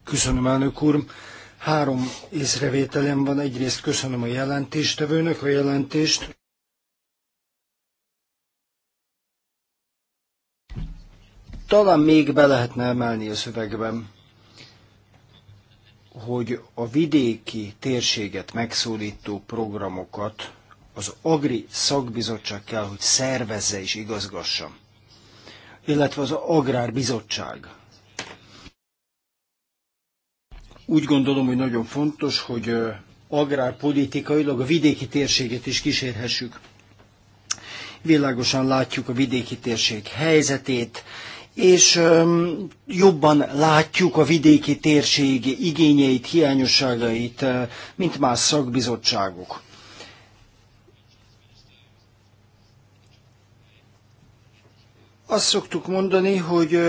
Köszönöm, elnök úr. Három észrevételem van. Egyrészt köszönöm a jelentéstevőnek a jelentést. Talán még be lehetne emelni a szövegben hogy a vidéki térséget megszólító programokat az Agri Szakbizottság kell, hogy szervezze és igazgassa, illetve az Agrárbizottság. Úgy gondolom, hogy nagyon fontos, hogy agrárpolitikailag a vidéki térséget is kísérhessük. Világosan látjuk a vidéki térség helyzetét, és jobban látjuk a vidéki térség igényeit, hiányosságait, mint más szakbizottságok. Azt szoktuk mondani, hogy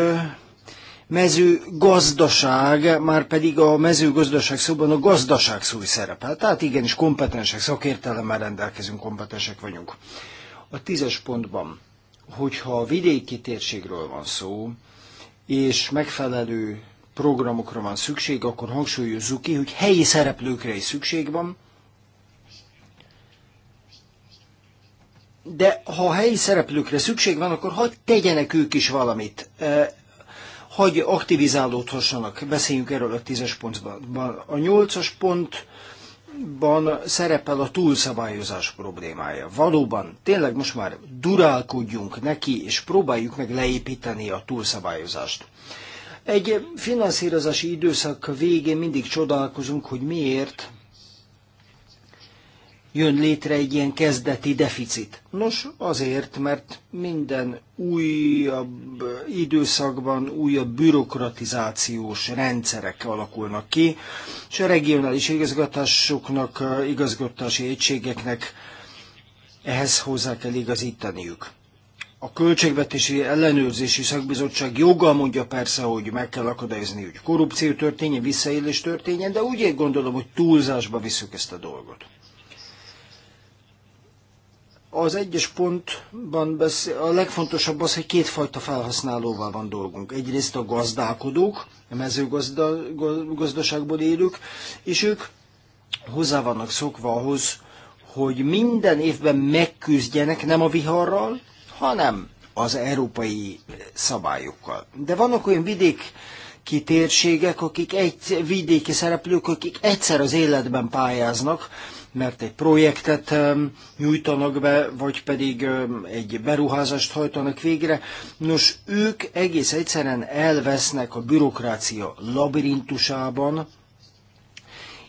mezőgazdaság, már pedig a mezőgazdaság szóban a gazdaság szó szerepel. Tehát igenis kompetensek, szakértelemmel rendelkezünk, kompetensek vagyunk. A tízes pontban hogyha a vidéki térségről van szó, és megfelelő programokra van szükség, akkor hangsúlyozzuk ki, hogy helyi szereplőkre is szükség van, de ha helyi szereplőkre szükség van, akkor hagyd tegyenek ők is valamit. Hagy aktivizálódhassanak, beszéljünk erről a tízes pontban. A nyolcas pont ban szerepel a túlszabályozás problémája. Valóban, tényleg most már durálkodjunk neki, és próbáljuk meg leépíteni a túlszabályozást. Egy finanszírozási időszak végén mindig csodálkozunk, hogy miért jön létre egy ilyen kezdeti deficit? Nos, azért, mert minden újabb időszakban újabb bürokratizációs rendszerek alakulnak ki, és a regionális igazgatásoknak, igazgatási egységeknek ehhez hozzá kell igazítaniuk. A Költségvetési Ellenőrzési Szakbizottság joga mondja persze, hogy meg kell akadályozni, hogy korrupció történjen, visszaélés történjen, de úgy gondolom, hogy túlzásba visszük ezt a dolgot. Az egyes pontban beszél, a legfontosabb az, hogy kétfajta felhasználóval van dolgunk. Egyrészt a gazdálkodók, a mezőgazdaságból élők, és ők hozzá vannak szokva ahhoz, hogy minden évben megküzdjenek nem a viharral, hanem az európai szabályokkal. De vannak olyan vidék kitérségek, akik egy vidéki szereplők, akik egyszer az életben pályáznak, mert egy projektet nyújtanak be, vagy pedig egy beruházást hajtanak végre. Nos, ők egész egyszerűen elvesznek a bürokrácia labirintusában,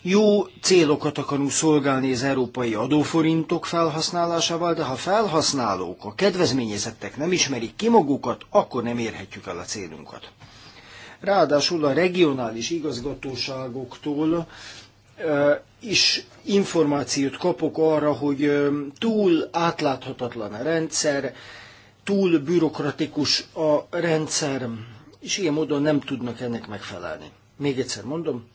jó célokat akarunk szolgálni az európai adóforintok felhasználásával, de ha felhasználók, a kedvezményezettek nem ismerik ki magukat, akkor nem érhetjük el a célunkat. Ráadásul a regionális igazgatóságoktól is információt kapok arra, hogy túl átláthatatlan a rendszer, túl bürokratikus a rendszer, és ilyen módon nem tudnak ennek megfelelni. Még egyszer mondom,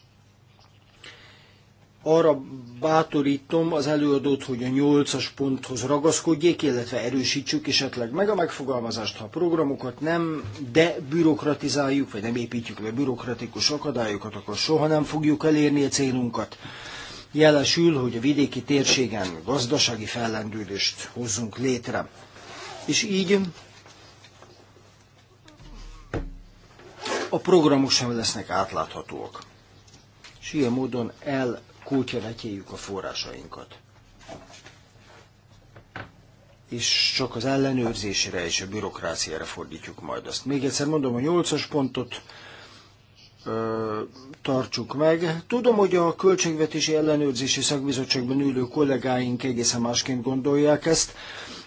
arra bátorítom az előadót, hogy a nyolcas ponthoz ragaszkodjék, illetve erősítsük esetleg meg a megfogalmazást, ha a programokat nem de bürokratizáljuk, vagy nem építjük le bürokratikus akadályokat, akkor soha nem fogjuk elérni a célunkat. Jelesül, hogy a vidéki térségen gazdasági fellendülést hozzunk létre. És így a programok sem lesznek átláthatóak. És ilyen módon el kulcsa vetjéljük a forrásainkat. És csak az ellenőrzésre és a bürokráciára fordítjuk majd azt. Még egyszer mondom, a nyolcas pontot ö, tartsuk meg. Tudom, hogy a Költségvetési Ellenőrzési Szakbizottságban ülő kollégáink egészen másként gondolják ezt,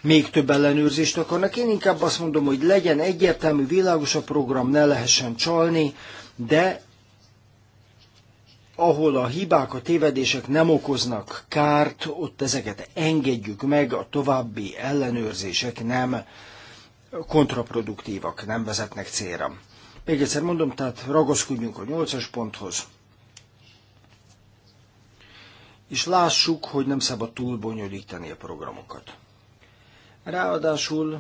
még több ellenőrzést akarnak. Én inkább azt mondom, hogy legyen egyértelmű, világos a program, ne lehessen csalni, de ahol a hibák, a tévedések nem okoznak kárt, ott ezeket engedjük meg, a további ellenőrzések nem kontraproduktívak, nem vezetnek célra. Még egyszer mondom, tehát ragaszkodjunk a nyolcas ponthoz, és lássuk, hogy nem szabad túl bonyolítani a programokat. Ráadásul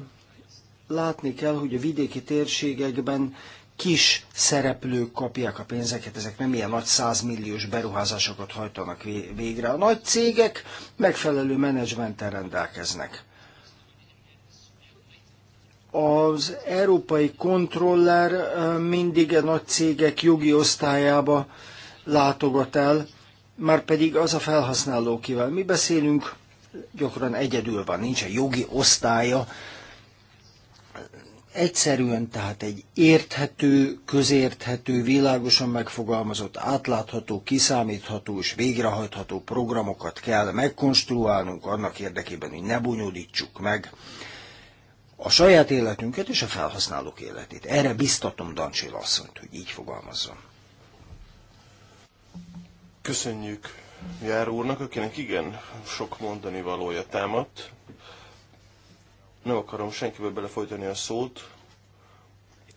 látni kell, hogy a vidéki térségekben kis szereplők kapják a pénzeket, ezek nem ilyen nagy százmilliós beruházásokat hajtanak végre. A nagy cégek megfelelő menedzsmenttel rendelkeznek. Az európai kontroller mindig a nagy cégek jogi osztályába látogat el, már pedig az a felhasználó, kivel mi beszélünk, gyakran egyedül van, nincs egy jogi osztálya Egyszerűen tehát egy érthető, közérthető, világosan megfogalmazott, átlátható, kiszámítható és végrehajtható programokat kell megkonstruálnunk annak érdekében, hogy ne bonyolítsuk meg a saját életünket és a felhasználók életét. Erre biztatom Dancsél asszonyt, hogy így fogalmazzon. Köszönjük Jár úrnak, akinek igen sok mondani valója támadt. Nem akarom senkiből belefolytani a szót.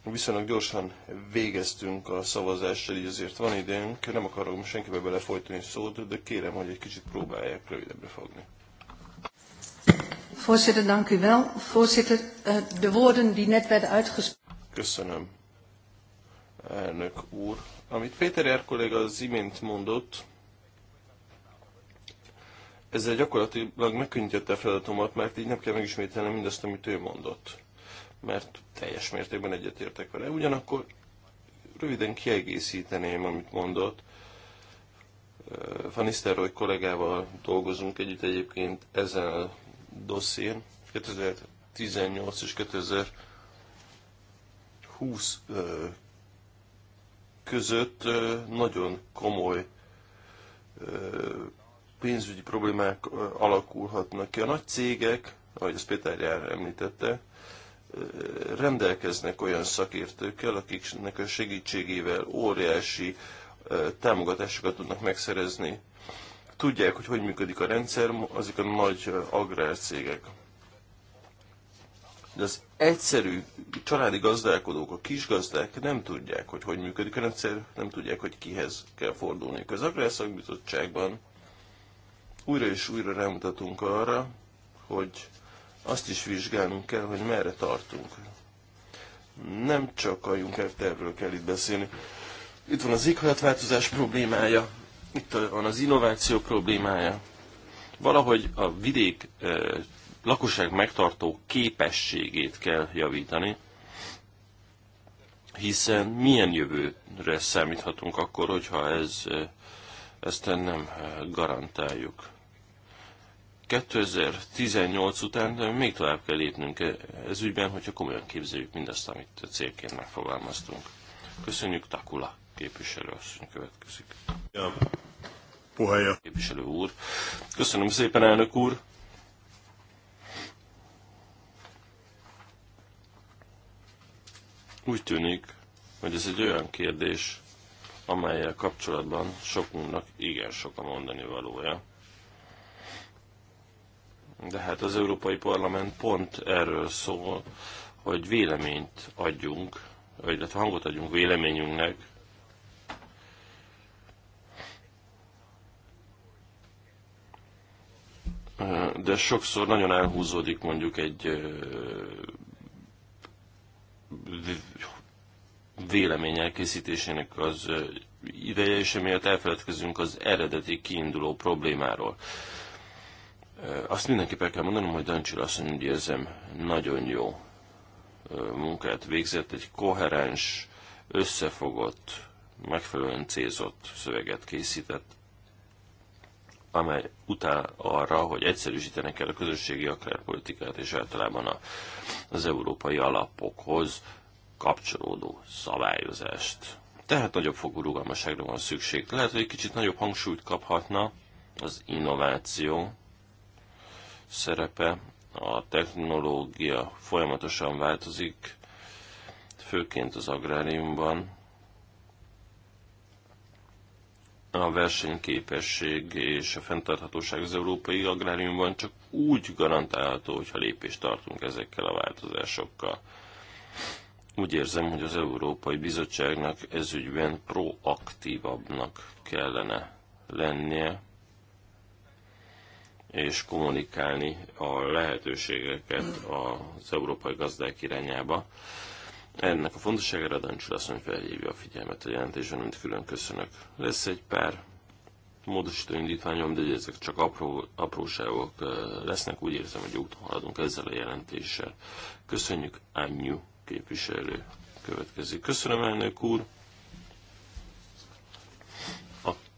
Viszonylag gyorsan végeztünk a szavazással, így azért van időnk. Nem akarom senkiből belefolytani szót, de kérem, hogy egy kicsit próbálják rövidebbre fogni. Voorzitter, dank u wel. Voorzitter, eh, de woorden die net werden uitgesproken. Köszönöm, elnök úr. Amit Péter R. kolléga az imént mondott, ezzel gyakorlatilag megkönnyítette a feladatomat, mert így nem kell megismételnem mindazt, amit ő mondott. Mert teljes mértékben egyetértek vele. Ugyanakkor röviden kiegészíteném, amit mondott. Van Nisztelrooy kollégával dolgozunk együtt egyébként ezen a dosszén. 2018 és 2020 között nagyon komoly pénzügyi problémák alakulhatnak ki. A nagy cégek, ahogy ezt Péter Jár említette, rendelkeznek olyan szakértőkkel, akiknek a segítségével óriási támogatásokat tudnak megszerezni. Tudják, hogy hogy működik a rendszer, azik a nagy agrárcégek. De az egyszerű családi gazdálkodók, a kisgazdák nem tudják, hogy hogy működik a rendszer, nem tudják, hogy kihez kell fordulni. Az Agrárszakbizottságban újra és újra rámutatunk arra, hogy azt is vizsgálnunk kell, hogy merre tartunk. Nem csak a Juncker tervről kell itt beszélni. Itt van az éghajlatváltozás problémája, itt van az innováció problémája. Valahogy a vidék eh, lakosság megtartó képességét kell javítani, hiszen milyen jövőre számíthatunk akkor, hogyha ez, eh, ezt nem eh, garantáljuk. 2018 után még tovább kell lépnünk e- ez ügyben, hogyha komolyan képzeljük mindazt, amit a célként megfogalmaztunk. Köszönjük, Takula képviselő asszony következik. Ja. Puhaja. Képviselő úr. Köszönöm szépen, elnök úr. Úgy tűnik, hogy ez egy olyan kérdés, amelyel kapcsolatban sokunknak igen sok a mondani valója. De hát az Európai Parlament pont erről szól, hogy véleményt adjunk, vagy hát hangot adjunk véleményünknek, de sokszor nagyon elhúzódik mondjuk egy vélemény elkészítésének az ideje, és emiatt elfeledkezünk az eredeti kiinduló problémáról. Azt mindenképp el kell mondanom, hogy Dancsil mondja, hogy érzem nagyon jó munkát végzett, egy koherens, összefogott, megfelelően célzott szöveget készített, amely utál arra, hogy egyszerűsítenek kell a közösségi akárpolitikát és általában a, az európai alapokhoz kapcsolódó szabályozást. Tehát nagyobb fogú rugalmaságra van szükség. Lehet, hogy egy kicsit nagyobb hangsúlyt kaphatna az innováció, szerepe. A technológia folyamatosan változik, főként az agráriumban. A versenyképesség és a fenntarthatóság az európai agráriumban csak úgy garantálható, hogyha lépést tartunk ezekkel a változásokkal. Úgy érzem, hogy az Európai Bizottságnak ezügyben proaktívabbnak kellene lennie, és kommunikálni a lehetőségeket az európai gazdák irányába. Ennek a fontosságára Dancsul asszony felhívja a figyelmet a jelentésben, mint külön köszönök. Lesz egy pár módosító indítványom, de ezek csak apró, apróságok lesznek. Úgy érzem, hogy úton haladunk ezzel a jelentéssel. Köszönjük, Anyu képviselő következik. Köszönöm, elnök úr!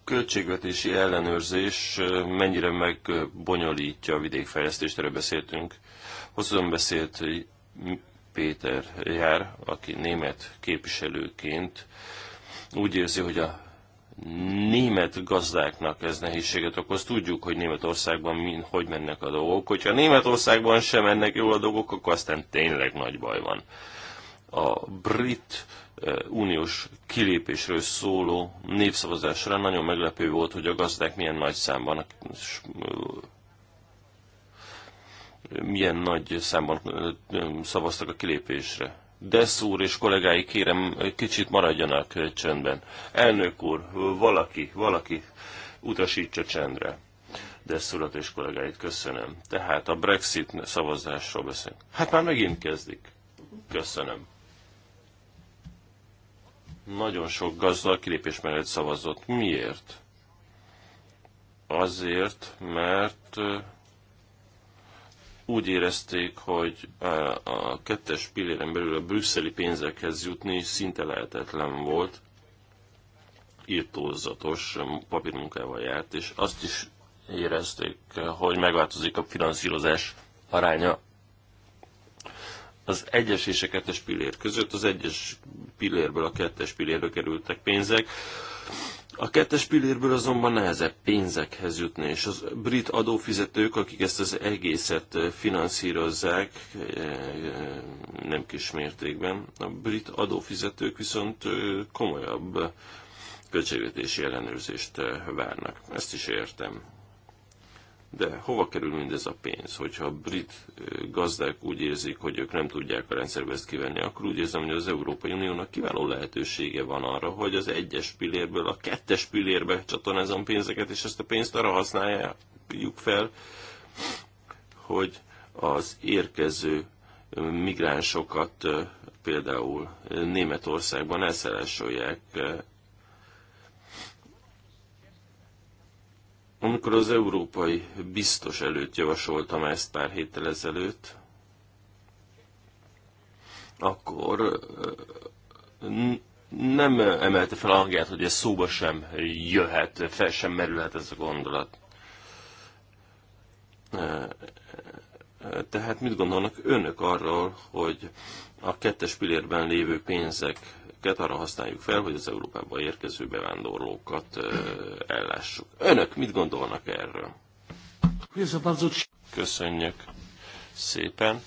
költségvetési ellenőrzés mennyire megbonyolítja a vidékfejlesztést, erről beszéltünk. Hosszúan beszélt Péter Jár, aki német képviselőként úgy érzi, hogy a német gazdáknak ez nehézséget okoz. Tudjuk, hogy Németországban min, hogy mennek a dolgok. Hogyha Németországban sem mennek jól a dolgok, akkor aztán tényleg nagy baj van. A brit uniós kilépésről szóló népszavazásra nagyon meglepő volt, hogy a gazdák milyen nagy számban milyen nagy számban szavaztak a kilépésre. Dessz úr és kollégái, kérem, kicsit maradjanak csendben. Elnök úr, valaki, valaki utasítsa csendre. Dessz urat és kollégáit köszönöm. Tehát a Brexit szavazásról beszélünk. Hát már megint kezdik. Köszönöm. Nagyon sok gazda kilépés mellett szavazott. Miért? Azért, mert úgy érezték, hogy a kettes pilléren belül a brüsszeli pénzekhez jutni szinte lehetetlen volt, írtózatos papírmunkával járt, és azt is érezték, hogy megváltozik a finanszírozás aránya az egyes és a kettes pillér között, az egyes pillérből a kettes pillérbe kerültek pénzek. A kettes pillérből azonban nehezebb pénzekhez jutni, és az brit adófizetők, akik ezt az egészet finanszírozzák, nem kis mértékben, a brit adófizetők viszont komolyabb költségvetési ellenőrzést várnak. Ezt is értem. De hova kerül mindez a pénz? Hogyha a brit gazdák úgy érzik, hogy ők nem tudják a rendszerbe ezt kivenni, akkor úgy érzem, hogy az Európai Uniónak kiváló lehetősége van arra, hogy az egyes pillérből a kettes pillérbe csatornázom pénzeket, és ezt a pénzt arra használjuk fel, hogy az érkező migránsokat például Németországban elszeresolják Amikor az európai biztos előtt javasoltam ezt pár héttel ezelőtt, akkor nem emelte fel a hangját, hogy ez szóba sem jöhet, fel sem merülhet ez a gondolat. Tehát mit gondolnak önök arról, hogy a kettes pillérben lévő pénzek pénzeket arra használjuk fel, hogy az Európába érkező bevándorlókat ellássuk. Önök mit gondolnak erről? Köszönjük szépen.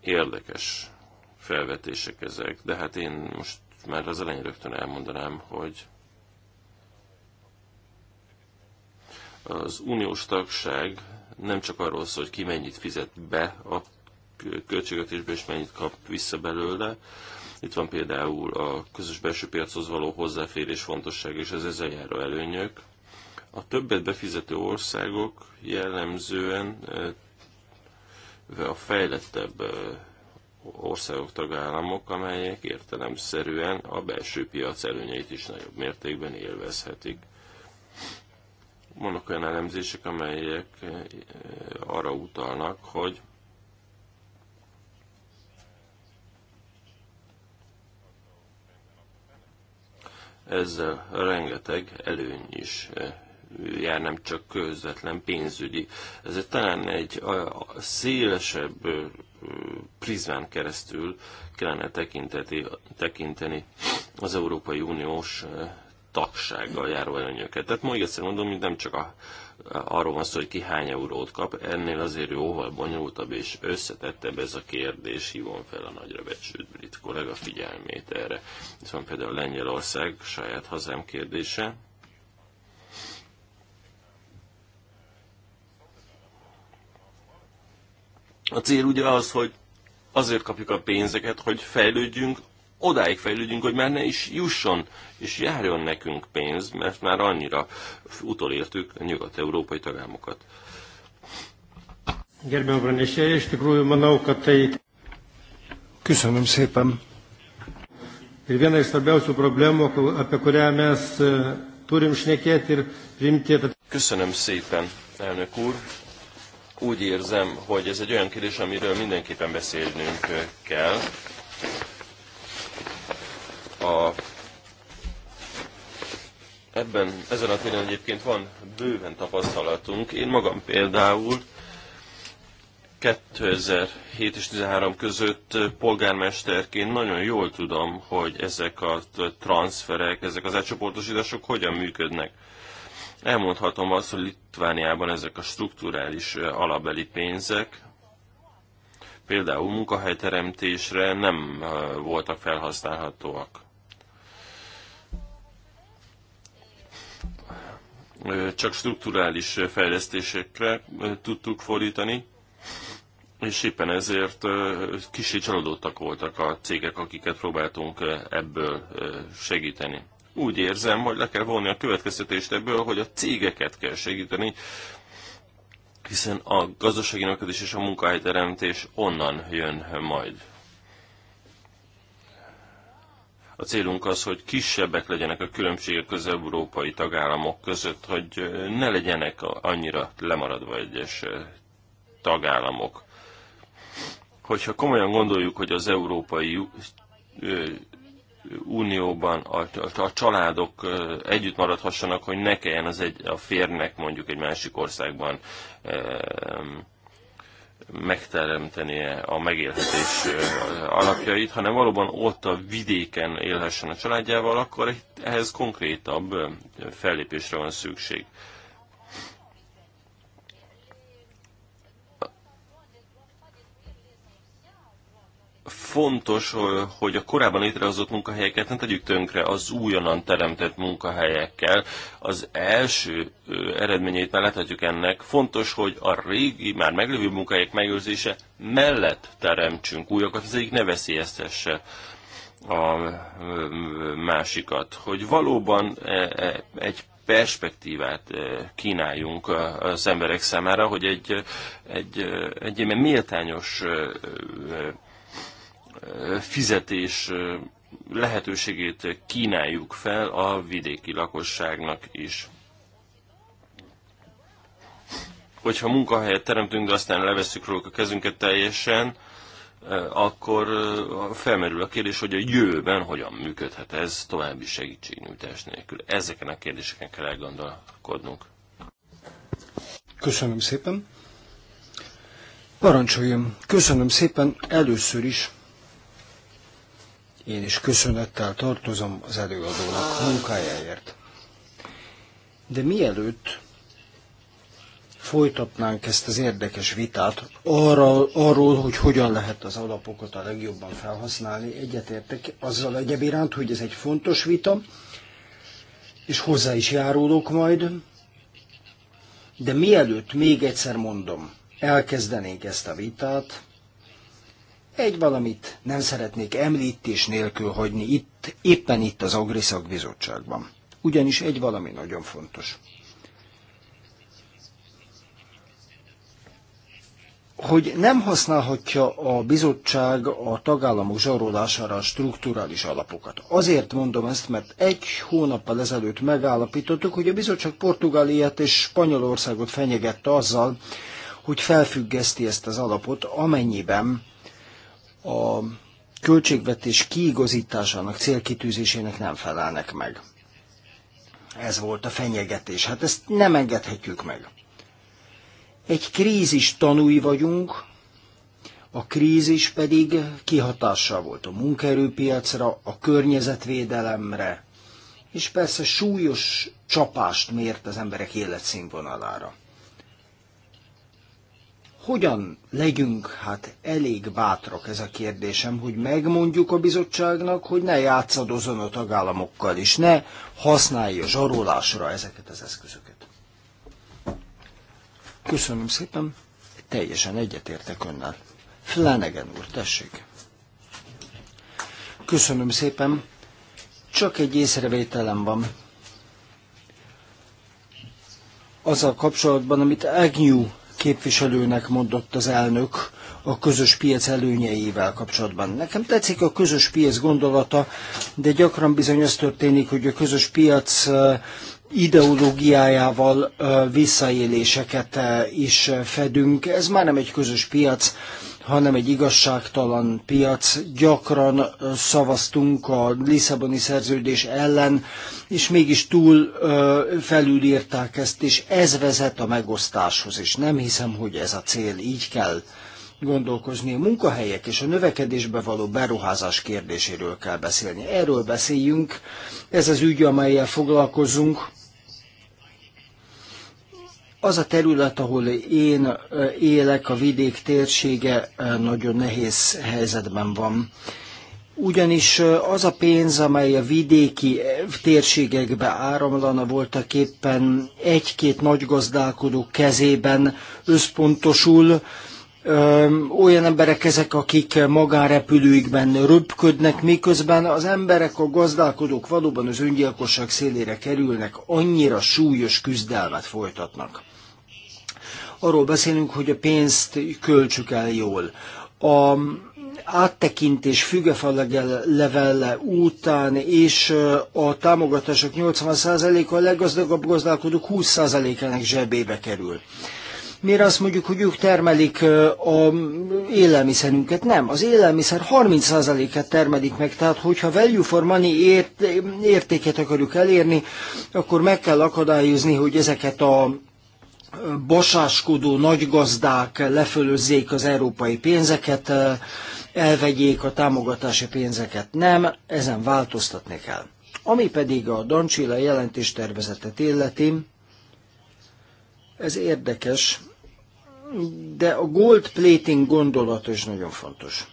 Érdekes felvetések ezek, de hát én most már az elején rögtön elmondanám, hogy az uniós tagság nem csak arról szól, hogy ki mennyit fizet be a költségvetésbe, és mennyit kap vissza belőle. Itt van például a közös belső piachoz való hozzáférés fontosság és az ezzel járó előnyök. A többet befizető országok jellemzően eh, a fejlettebb eh, országok, tagállamok, amelyek értelemszerűen a belső piac előnyeit is nagyobb mértékben élvezhetik. Vannak olyan elemzések, amelyek eh, arra utalnak, hogy ezzel rengeteg előny is eh, jár, nem csak közvetlen pénzügyi. Ezért talán egy szélesebb eh, prizmán keresztül kellene tekinteni az Európai Uniós eh, tagsággal járó előnyöket. Tehát mondjuk egyszer mondom, hogy nem csak a, arról van szó, hogy ki hány eurót kap, ennél azért jóval bonyolultabb és összetettebb ez a kérdés, hívom fel a nagyra becsült brit kollega figyelmét erre. Ez van például Lengyelország, saját hazám kérdése, A cél ugye az, hogy azért kapjuk a pénzeket, hogy fejlődjünk, odáig fejlődjünk, hogy már ne is jusson és járjon nekünk pénz, mert már annyira utolértük a nyugat-európai tagállamokat. Köszönöm szépen. Ir viena iš svarbiausių problemų, apie kurią mes e, turim šnekėti ir priimti. Köszönöm szépen, elnök úr. Úgy érzem, hogy ez egy olyan kérdés, amiről mindenképpen beszélnünk kell. A, ebben, ezen a téren egyébként van bőven tapasztalatunk. Én magam például 2007 és 2013 között polgármesterként nagyon jól tudom, hogy ezek a transferek, ezek az elcsoportosítások hogyan működnek. Elmondhatom azt, hogy Litvániában ezek a strukturális alabeli pénzek például munkahelyteremtésre nem voltak felhasználhatóak. csak strukturális fejlesztésekre tudtuk fordítani, és éppen ezért kicsit csalódottak voltak a cégek, akiket próbáltunk ebből segíteni. Úgy érzem, hogy le kell vonni a következtetést ebből, hogy a cégeket kell segíteni, hiszen a gazdasági növekedés és a munkahelyteremtés onnan jön majd. A célunk az, hogy kisebbek legyenek a különbségek az európai tagállamok között, hogy ne legyenek annyira lemaradva egyes tagállamok. Hogyha komolyan gondoljuk, hogy az Európai Unióban a, a, a családok együtt maradhassanak, hogy ne kelljen az egy, a férnek mondjuk egy másik országban megteremtenie a megélhetés alapjait, hanem valóban ott a vidéken élhessen a családjával, akkor ehhez konkrétabb fellépésre van szükség. fontos, hogy a korábban létrehozott munkahelyeket nem tegyük tönkre az újonnan teremtett munkahelyekkel. Az első eredményeit már láthatjuk ennek. Fontos, hogy a régi, már meglévő munkahelyek megőrzése mellett teremtsünk újakat, az egyik ne veszélyeztesse a másikat. Hogy valóban e, e, egy perspektívát e, kínáljunk az emberek számára, hogy egy, egy, egy méltányos fizetés lehetőségét kínáljuk fel a vidéki lakosságnak is. Hogyha munkahelyet teremtünk, de aztán levesszük róluk a kezünket teljesen, akkor felmerül a kérdés, hogy a jövőben hogyan működhet ez további segítségnyújtás nélkül. Ezeken a kérdéseken kell elgondolkodnunk. Köszönöm szépen. Parancsoljon. Köszönöm szépen először is én is köszönettel tartozom az előadónak ah. munkájáért. De mielőtt folytatnánk ezt az érdekes vitát arra, arról, hogy hogyan lehet az alapokat a legjobban felhasználni. Egyetértek azzal egyéb iránt, hogy ez egy fontos vita, és hozzá is járulok majd. De mielőtt még egyszer mondom, elkezdenénk ezt a vitát, egy valamit nem szeretnék említés nélkül hagyni itt, éppen itt az Agriszak bizottságban. Ugyanis egy valami nagyon fontos. hogy nem használhatja a bizottság a tagállamok zsarolására a strukturális alapokat. Azért mondom ezt, mert egy hónappal ezelőtt megállapítottuk, hogy a bizottság Portugáliát és Spanyolországot fenyegette azzal, hogy felfüggeszti ezt az alapot, amennyiben a költségvetés kiigazításának célkitűzésének nem felelnek meg. Ez volt a fenyegetés. Hát ezt nem engedhetjük meg. Egy krízis tanúi vagyunk, a krízis pedig kihatással volt a munkaerőpiacra, a környezetvédelemre, és persze súlyos csapást mért az emberek életszínvonalára. Hogyan legyünk hát elég bátrak ez a kérdésem, hogy megmondjuk a bizottságnak, hogy ne játszadozon a tagállamokkal, és ne használja zsarolásra ezeket az eszközöket. Köszönöm szépen, teljesen egyetértek önnel. Flanagan úr, tessék. Köszönöm szépen, csak egy észrevételem van azzal kapcsolatban, amit Agnew képviselőnek mondott az elnök a közös piac előnyeivel kapcsolatban. Nekem tetszik a közös piac gondolata, de gyakran bizony az történik, hogy a közös piac eh, ideológiájával eh, visszaéléseket eh, is fedünk. Ez már nem egy közös piac, hanem egy igazságtalan piac. Gyakran szavaztunk a Lisszaboni szerződés ellen, és mégis túl felülírták ezt, és ez vezet a megosztáshoz, és nem hiszem, hogy ez a cél, így kell gondolkozni. A munkahelyek és a növekedésbe való beruházás kérdéséről kell beszélni. Erről beszéljünk. Ez az ügy, amelyel foglalkozunk az a terület, ahol én élek, a vidék térsége nagyon nehéz helyzetben van. Ugyanis az a pénz, amely a vidéki térségekbe áramlana voltak éppen egy-két nagy gazdálkodó kezében összpontosul, olyan emberek ezek, akik magárepülőikben röpködnek, miközben az emberek, a gazdálkodók valóban az öngyilkosság szélére kerülnek, annyira súlyos küzdelmet folytatnak. Arról beszélünk, hogy a pénzt költsük el jól. A áttekintés fügefallagel levele után és a támogatások 80%-a a leggazdagabb gazdálkodók 20%-ának zsebébe kerül. Miért azt mondjuk, hogy ők termelik a élelmiszerünket? Nem, az élelmiszer 30%-át termelik meg, tehát hogyha value for money ért, értéket akarjuk elérni, akkor meg kell akadályozni, hogy ezeket a basáskodó nagygazdák lefölözzék az európai pénzeket, elvegyék a támogatási pénzeket. Nem, ezen változtatni kell. Ami pedig a Dancsila jelentéstervezetet illeti, ez érdekes, de a gold plating gondolat is nagyon fontos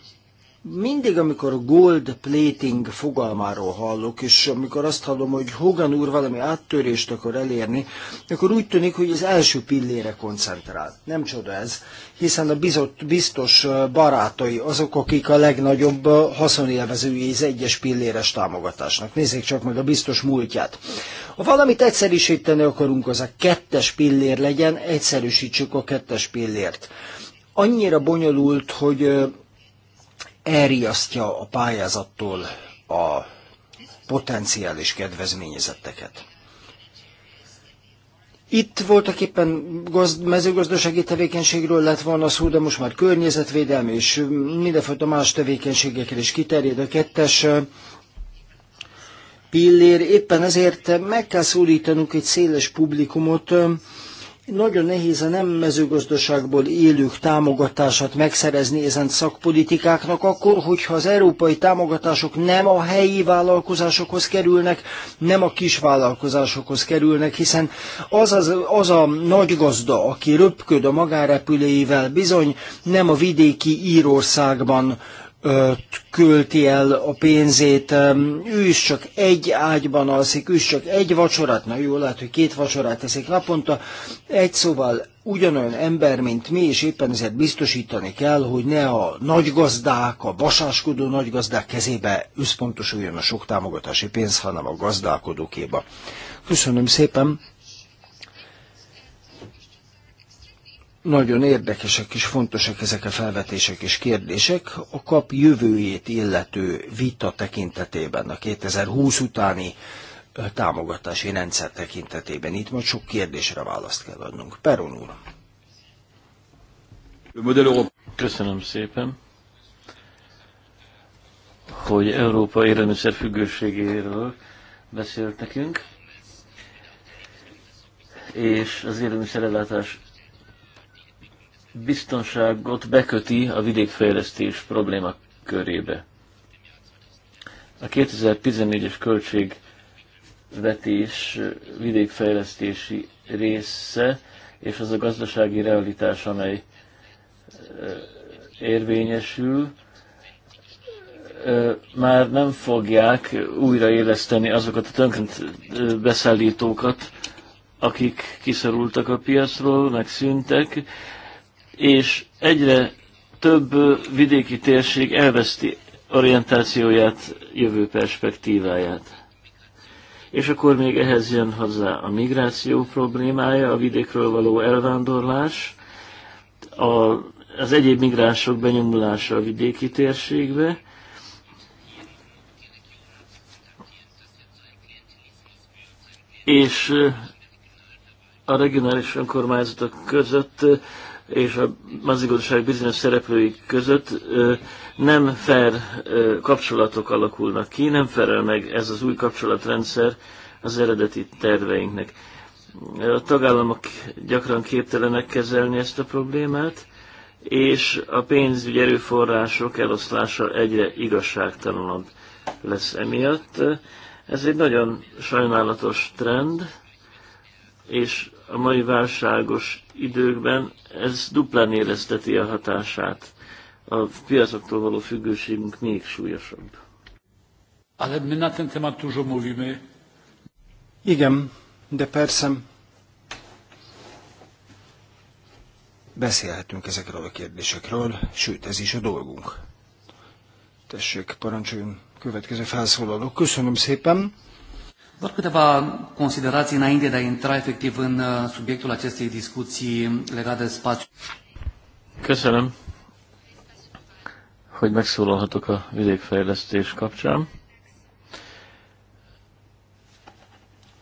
mindig, amikor a gold plating fogalmáról hallok, és amikor azt hallom, hogy Hogan úr valami áttörést akar elérni, akkor úgy tűnik, hogy az első pillére koncentrál. Nem csoda ez, hiszen a bizott, biztos barátai azok, akik a legnagyobb haszonélvezői az egyes pilléres támogatásnak. Nézzék csak meg a biztos múltját. Ha valamit egyszerűsíteni akarunk, az a kettes pillér legyen, egyszerűsítsük a kettes pillért. Annyira bonyolult, hogy elriasztja a pályázattól a potenciális kedvezményezetteket. Itt voltak éppen gazd, mezőgazdasági tevékenységről lett volna szó, de most már környezetvédelmi és mindenfajta más tevékenységekre is kiterjed a kettes eh, pillér. Éppen ezért meg kell szólítanunk egy széles publikumot, eh, nagyon nehéz a nem mezőgazdaságból élők támogatását megszerezni ezen szakpolitikáknak, akkor, hogyha az európai támogatások nem a helyi vállalkozásokhoz kerülnek, nem a kis vállalkozásokhoz kerülnek, hiszen az, az, az a nagy gazda, aki röpköd a magárepüléivel, bizony nem a vidéki Írországban költi el a pénzét, ő is csak egy ágyban alszik, ő is csak egy vacsorát, na jó, lehet, hogy két vacsorát teszik naponta, egy szóval ugyanolyan ember, mint mi, és éppen ezért biztosítani kell, hogy ne a nagygazdák, a basáskodó nagygazdák kezébe összpontosuljon a sok támogatási pénz, hanem a gazdálkodókéba. Köszönöm szépen! Nagyon érdekesek és fontosak ezek a felvetések és kérdések a kap jövőjét illető vita tekintetében, a 2020 utáni támogatási rendszer tekintetében. Itt most sok kérdésre választ kell adnunk. Peron úr. Köszönöm szépen, hogy Európa élelmiszer függőségéről beszélt nekünk, és az élelmiszerellátás biztonságot beköti a vidékfejlesztés probléma körébe. A 2014-es költségvetés vidékfejlesztési része és az a gazdasági realitás, amely érvényesül, már nem fogják újraéleszteni azokat a tönkrent beszállítókat, akik kiszorultak a piacról, megszűntek, és egyre több vidéki térség elveszti orientációját, jövő perspektíváját. És akkor még ehhez jön hozzá a migráció problémája, a vidékről való elvándorlás, a, az egyéb migránsok benyomulása a vidéki térségbe, és a regionális önkormányzatok között és a mezőgazdaság bizonyos szereplői között nem fair kapcsolatok alakulnak ki, nem felel meg ez az új kapcsolatrendszer az eredeti terveinknek. A tagállamok gyakran képtelenek kezelni ezt a problémát, és a pénzügyi erőforrások eloszlása egyre igazságtalanabb lesz emiatt. Ez egy nagyon sajnálatos trend, és a mai válságos időkben ez duplán érezteti a hatását. A piacoktól való függőségünk még súlyosabb. Igen, de persze beszélhetünk ezekről a kérdésekről, sőt, ez is a dolgunk. Tessék, parancsoljon következő felszólaló. Köszönöm szépen. Doar câteva considerații înainte de a intra efectiv în uh, subiectul acestei discuții legate de spațiu. Köszönöm, hogy megszólalhatok a vidékfejlesztés kapcsán.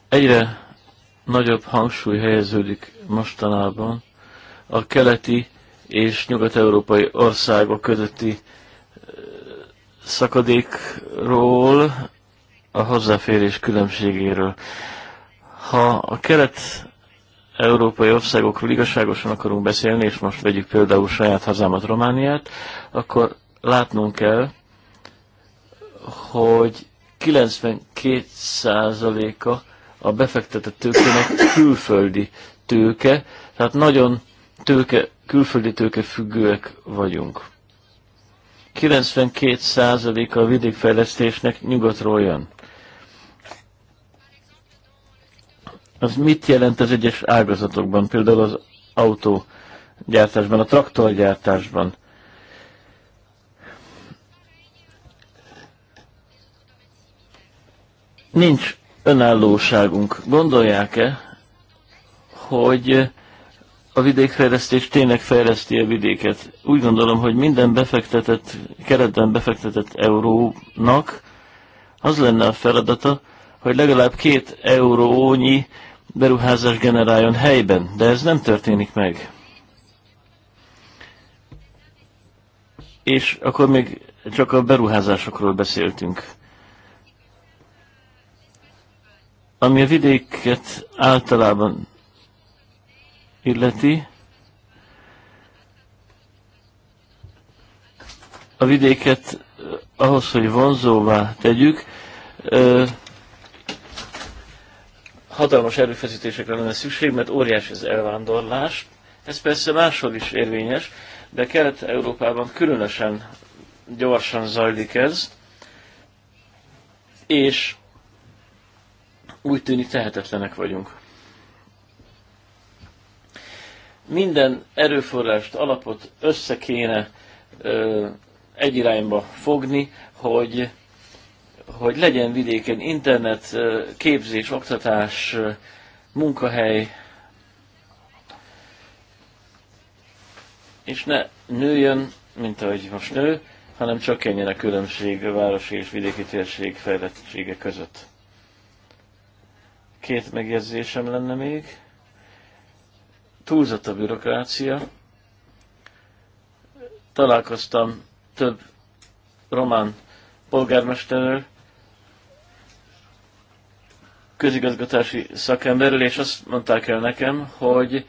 Egyre nagyobb hangsúly helyeződik mostanában a keleti és nyugat-európai országok közötti uh, szakadékról, a hozzáférés különbségéről. Ha a kelet európai országokról igazságosan akarunk beszélni, és most vegyük például saját hazámat, Romániát, akkor látnunk kell, hogy 92%-a a befektetett tőkének külföldi tőke, tehát nagyon tőke, külföldi tőke függőek vagyunk. 92% a vidékfejlesztésnek nyugatról jön. az mit jelent az egyes ágazatokban, például az autógyártásban, a traktorgyártásban. Nincs önállóságunk. Gondolják-e, hogy a vidékfejlesztés tényleg fejleszti a vidéket? Úgy gondolom, hogy minden befektetett, keretben befektetett eurónak az lenne a feladata, hogy legalább két eurónyi beruházás generáljon helyben, de ez nem történik meg. És akkor még csak a beruházásokról beszéltünk. Ami a vidéket általában illeti, a vidéket eh, ahhoz, hogy vonzóvá tegyük, eh, hatalmas erőfeszítésekre lenne szükség, mert óriási az elvándorlás. Ez persze máshol is érvényes, de Kelet-Európában különösen gyorsan zajlik ez, és úgy tűnik tehetetlenek vagyunk. Minden erőforrást, alapot össze kéne ö, egy irányba fogni, hogy hogy legyen vidéken internet, képzés, oktatás, munkahely, és ne nőjön, mint ahogy most nő, hanem csak kenjen a különbség a városi és vidéki térség fejlettsége között. Két megjegyzésem lenne még. Túlzott a bürokrácia. Találkoztam több román polgármesterrel, közigazgatási szakemberrel, és azt mondták el nekem, hogy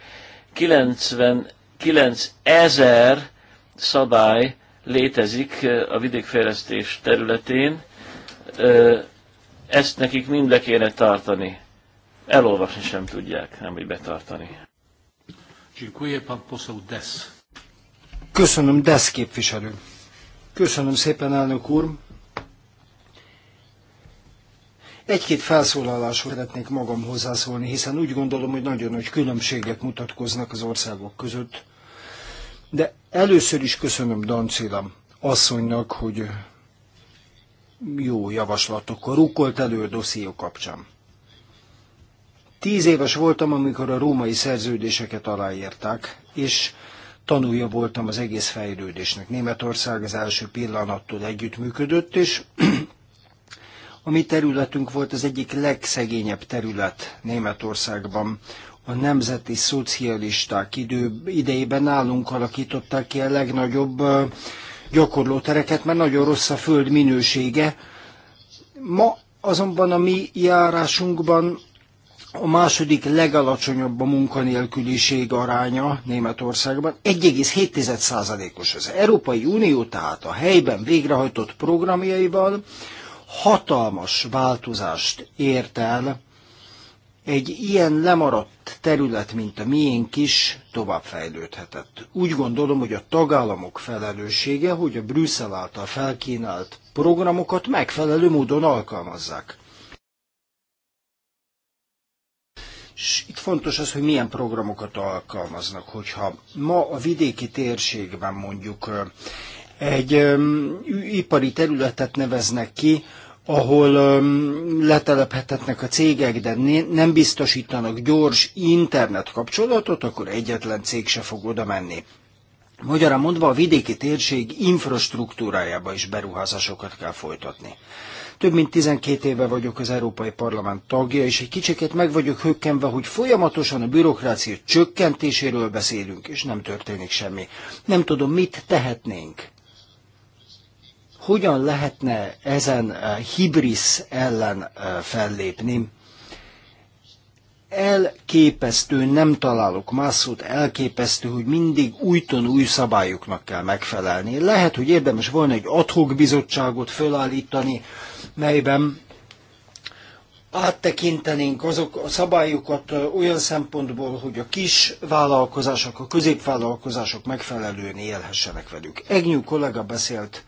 99 ezer szabály létezik a vidékfejlesztés területén, ezt nekik mind le kéne tartani. Elolvasni sem tudják, nem hogy betartani. Köszönöm, Desz képviselő. Köszönöm szépen, elnök úr. Egy-két felszólalásról szeretnék magam hozzászólni, hiszen úgy gondolom, hogy nagyon nagy különbségek mutatkoznak az országok között. De először is köszönöm Dancilam asszonynak, hogy jó javaslatokkal rukkolt elő a dosszió kapcsán. Tíz éves voltam, amikor a római szerződéseket aláírták, és tanulja voltam az egész fejlődésnek. Németország az első pillanattól együttműködött, és a mi területünk volt az egyik legszegényebb terület Németországban. A nemzeti szocialisták idő, idejében nálunk alakították ki a legnagyobb gyakorlótereket, mert nagyon rossz a föld minősége. Ma azonban a mi járásunkban a második legalacsonyabb a munkanélküliség aránya Németországban, 1,7%-os az Európai Unió, tehát a helyben végrehajtott programjaival hatalmas változást ért el egy ilyen lemaradt terület, mint a miénk is, továbbfejlődhetett. Úgy gondolom, hogy a tagállamok felelőssége, hogy a Brüsszel által felkínált programokat megfelelő módon alkalmazzák. És itt fontos az, hogy milyen programokat alkalmaznak. Hogyha ma a vidéki térségben mondjuk egy ö, ipari területet neveznek ki, ahol um, letelephetetnek a cégek, de nem biztosítanak gyors internet kapcsolatot, akkor egyetlen cég se fog oda menni. Magyarán mondva a vidéki térség infrastruktúrájába is beruházásokat kell folytatni. Több mint 12 éve vagyok az Európai Parlament tagja, és egy kicsiket meg vagyok hökkenve, hogy folyamatosan a bürokrácia csökkentéséről beszélünk, és nem történik semmi. Nem tudom, mit tehetnénk. Hogyan lehetne ezen eh, hibris ellen eh, fellépni? elképesztő, nem találok más szót, elképesztő, hogy mindig újton új szabályoknak kell megfelelni. Lehet, hogy érdemes volna egy adhok bizottságot fölállítani, melyben áttekintenénk azok a szabályokat eh, olyan szempontból, hogy a kis vállalkozások, a középvállalkozások megfelelően élhessenek velük. Egnyú kollega beszélt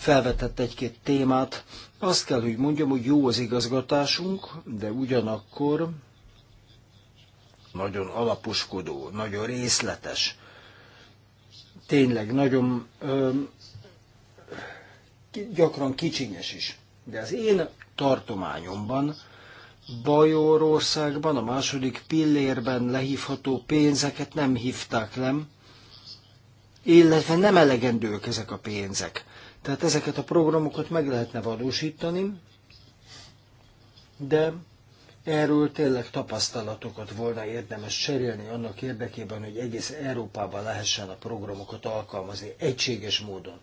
felvetett egy-két témát. Azt kell, hogy mondjam, hogy jó az igazgatásunk, de ugyanakkor nagyon alaposkodó, nagyon részletes. Tényleg nagyon ö, gyakran kicsinyes is. De az én tartományomban, Bajorországban, a második pillérben lehívható pénzeket nem hívták le, illetve nem elegendők ezek a pénzek. Tehát ezeket a programokat meg lehetne valósítani, de erről tényleg tapasztalatokat volna érdemes cserélni annak érdekében, hogy egész Európában lehessen a programokat alkalmazni egységes módon.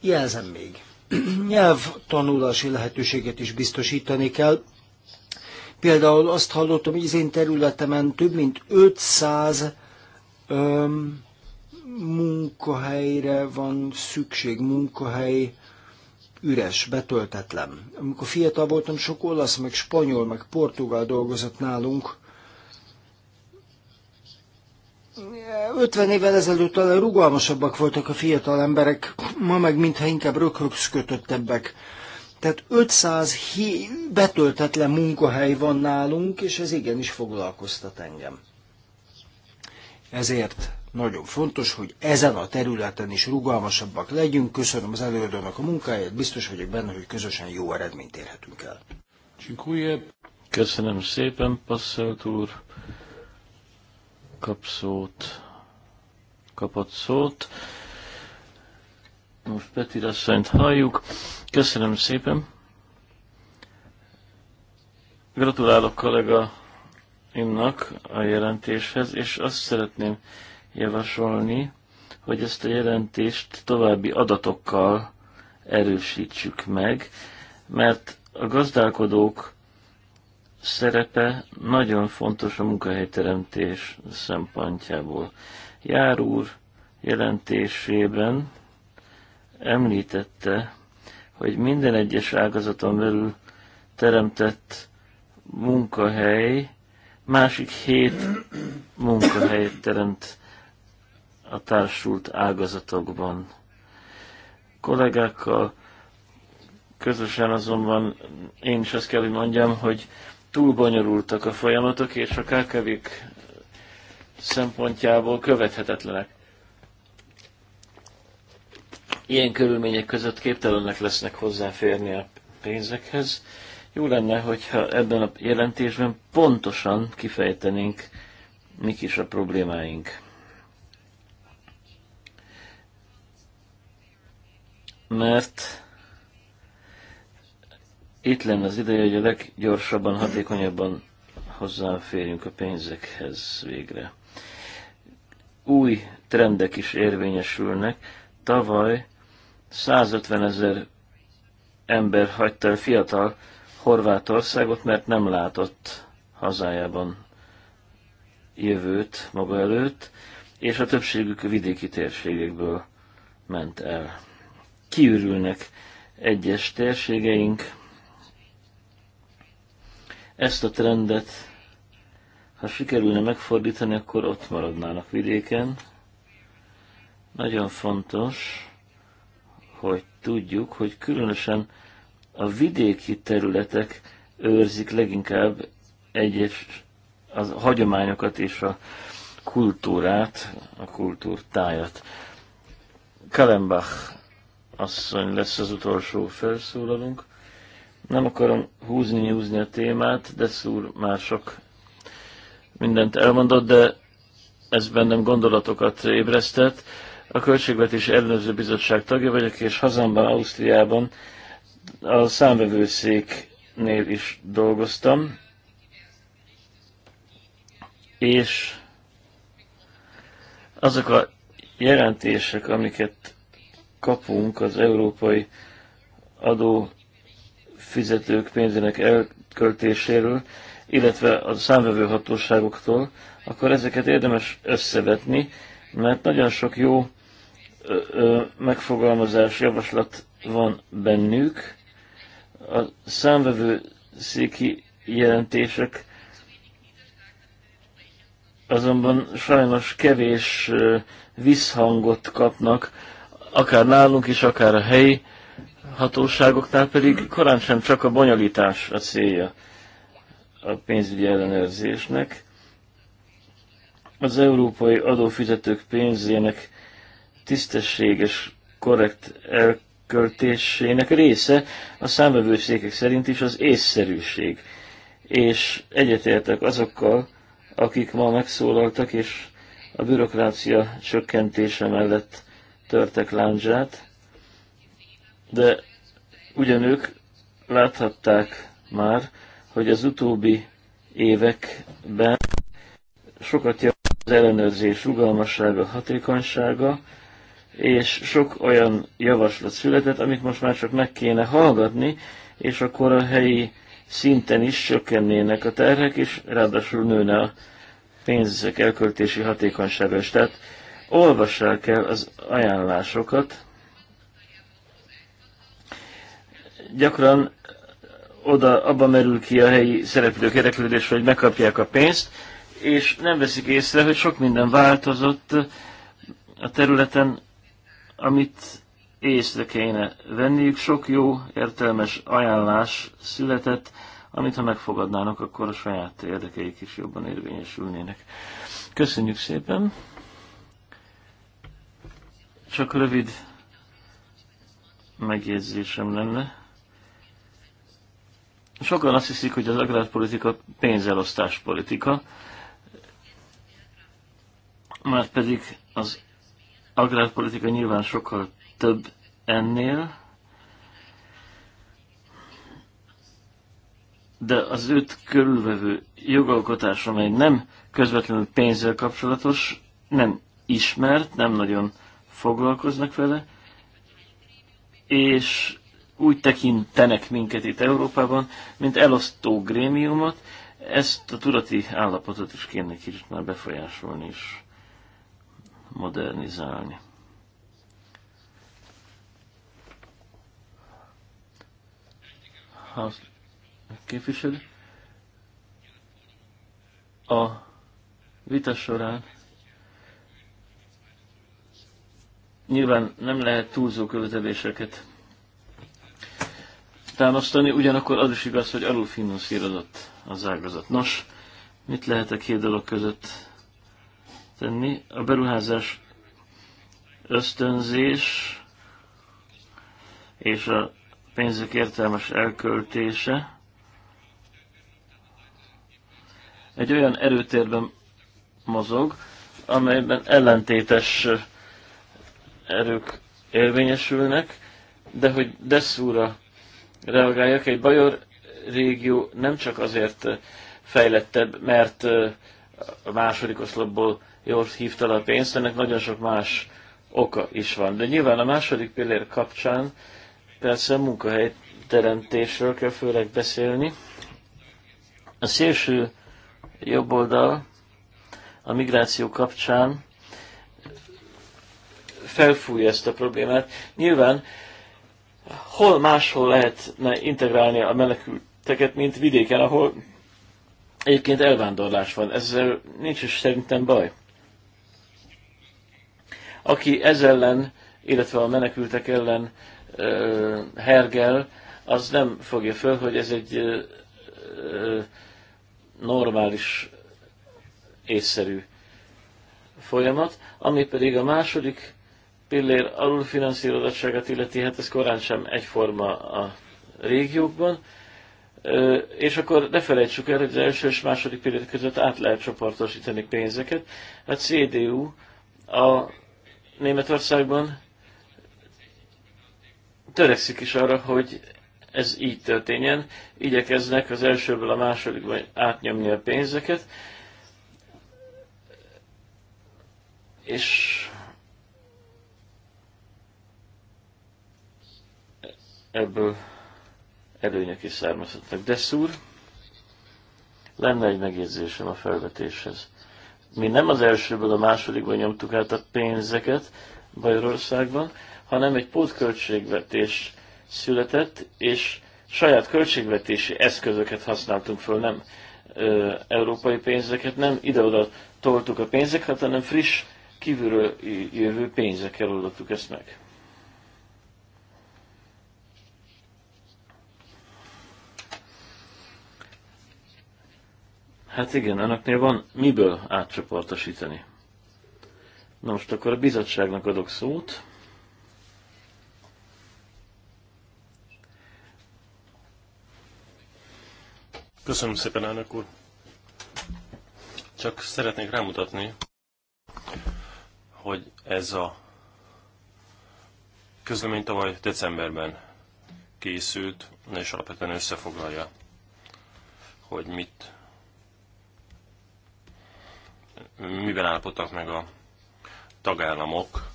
Jelzem még, nyelvtanulási lehetőséget is biztosítani kell. Például azt hallottam, hogy az én területemen több mint 500 öm, munkahelyre van szükség, munkahely üres, betöltetlen. Amikor fiatal voltam, sok olasz, meg spanyol, meg portugál dolgozott nálunk. 50 évvel ezelőtt talán rugalmasabbak voltak a fiatal emberek, ma meg mintha inkább rökhögsz Tehát 500 betöltetlen munkahely van nálunk, és ez igenis foglalkoztat engem. Ezért nagyon fontos, hogy ezen a területen is rugalmasabbak legyünk. Köszönöm az előadónak a munkáját, biztos vagyok benne, hogy közösen jó eredményt érhetünk el. Köszönöm szépen, Passzelt úr. Kap szót. Kapott szót. Most Peti asszonyt halljuk. Köszönöm szépen. Gratulálok kollega imnak a jelentéshez, és azt szeretném javasolni, hogy ezt a jelentést további adatokkal erősítsük meg, mert a gazdálkodók szerepe nagyon fontos a munkahelyteremtés szempontjából. Jár úr jelentésében említette, hogy minden egyes ágazaton belül teremtett munkahely másik hét munkahelyet teremt a társult ágazatokban. Kollégákkal közösen azonban én is azt kell, hogy mondjam, hogy túl bonyolultak a folyamatok, és a kkv szempontjából követhetetlenek. Ilyen körülmények között képtelenek lesznek hozzáférni a pénzekhez. Jó lenne, hogyha ebben a jelentésben pontosan kifejtenénk, mik is a problémáink. mert itt lenne az ideje, hogy a leggyorsabban, hatékonyabban hozzáférjünk a pénzekhez végre. Új trendek is érvényesülnek. Tavaly 150 ezer ember hagyta el fiatal Horvátországot, mert nem látott hazájában jövőt maga előtt, és a többségük vidéki térségekből ment el kiürülnek egyes térségeink. Ezt a trendet, ha sikerülne megfordítani, akkor ott maradnának vidéken. Nagyon fontos, hogy tudjuk, hogy különösen a vidéki területek őrzik leginkább egyes az hagyományokat és a kultúrát, a kultúrtájat. Kalembach asszony lesz az utolsó felszólalunk. Nem akarom húzni-nyúzni a témát, de szúr már sok mindent elmondott, de ez bennem gondolatokat ébresztett. A Költségvetési Ellenőrző Bizottság tagja vagyok, és hazámban, Ausztriában a számvevőszéknél is dolgoztam, és azok a jelentések, amiket kapunk az európai adófizetők pénzének elköltéséről, illetve a hatóságoktól, akkor ezeket érdemes összevetni, mert nagyon sok jó ö, ö, megfogalmazás, javaslat van bennük. A számvevő széki jelentések azonban sajnos kevés visszhangot kapnak akár nálunk is, akár a helyi hatóságoknál pedig korán sem csak a bonyolítás a célja a pénzügyi ellenőrzésnek. Az európai adófizetők pénzének tisztességes, korrekt elköltésének része a számvevőszékek szerint is az észszerűség. És egyetértek azokkal, akik ma megszólaltak, és a bürokrácia csökkentése mellett törtek láncsát, de ugyanők láthatták már, hogy az utóbbi években sokat javult az ellenőrzés rugalmassága, hatékonysága, és sok olyan javaslat született, amit most már csak meg kéne hallgatni, és akkor a helyi szinten is csökkennének a terhek, és ráadásul nőne a pénzek elköltési hatékonysága is. Tehát olvassák el az ajánlásokat. Gyakran oda abba merül ki a helyi szereplők érdeklődés, hogy megkapják a pénzt, és nem veszik észre, hogy sok minden változott a területen, amit észre kéne venniük. Sok jó, értelmes ajánlás született, amit ha megfogadnának, akkor a saját érdekeik is jobban érvényesülnének. Köszönjük szépen! Csak rövid megjegyzésem lenne. Sokan azt hiszik, hogy az agrárpolitika pénzelosztás politika, már pedig az agrárpolitika nyilván sokkal több ennél, de az őt körülvevő jogalkotás, amely nem közvetlenül pénzzel kapcsolatos, nem ismert, nem nagyon foglalkoznak vele, és úgy tekintenek minket itt Európában, mint elosztó grémiumot, ezt a tudati állapotot is kéne kicsit már befolyásolni és modernizálni. Ha képviselő, a vita során Nyilván nem lehet túlzó követeléseket támasztani, ugyanakkor az is igaz, hogy alulfinanszírozott az ágazat. Nos, mit lehet a két dolog között tenni? A beruházás ösztönzés és a pénzek értelmes elköltése egy olyan erőtérben mozog, amelyben ellentétes erők érvényesülnek, de hogy Dessúra reagáljak, egy Bajor régió nem csak azért fejlettebb, mert a második oszlopból jól hívta le a pénzt, ennek nagyon sok más oka is van. De nyilván a második pillér kapcsán persze munkahely teremtésről kell főleg beszélni. A szélső jobb oldal a migráció kapcsán felfújja ezt a problémát. Nyilván hol máshol lehetne integrálni a menekülteket, mint vidéken, ahol egyébként elvándorlás van. Ezzel nincs is szerintem baj. Aki ez ellen, illetve a menekültek ellen ö, hergel, az nem fogja föl, hogy ez egy ö, normális, észszerű folyamat, ami pedig a második pillér alulfinanszírozottságát illeti, hát ez korán sem egyforma a régiókban. És akkor ne felejtsük el, hogy az első és második pillér között át lehet csoportosítani pénzeket. A CDU a Németországban törekszik is arra, hogy ez így történjen. Igyekeznek az elsőből a másodikba átnyomni a pénzeket. És ebből előnyök is származhatnak. De szúr, lenne egy megjegyzésem a felvetéshez. Mi nem az elsőből a másodikban nyomtuk át a pénzeket Bajorországban, hanem egy pótköltségvetés született, és saját költségvetési eszközöket használtunk föl, nem ö, európai pénzeket, nem ide-oda toltuk a pénzeket, hanem friss, kívülről jövő pénzekkel oldottuk ezt meg. Hát igen, önöknél van miből átcsoportosítani. Na most akkor a bizottságnak adok szót. Köszönöm szépen, elnök úr. Csak szeretnék rámutatni, hogy ez a közlemény tavaly decemberben készült, és alapvetően összefoglalja, hogy mit miben állapodtak meg a tagállamok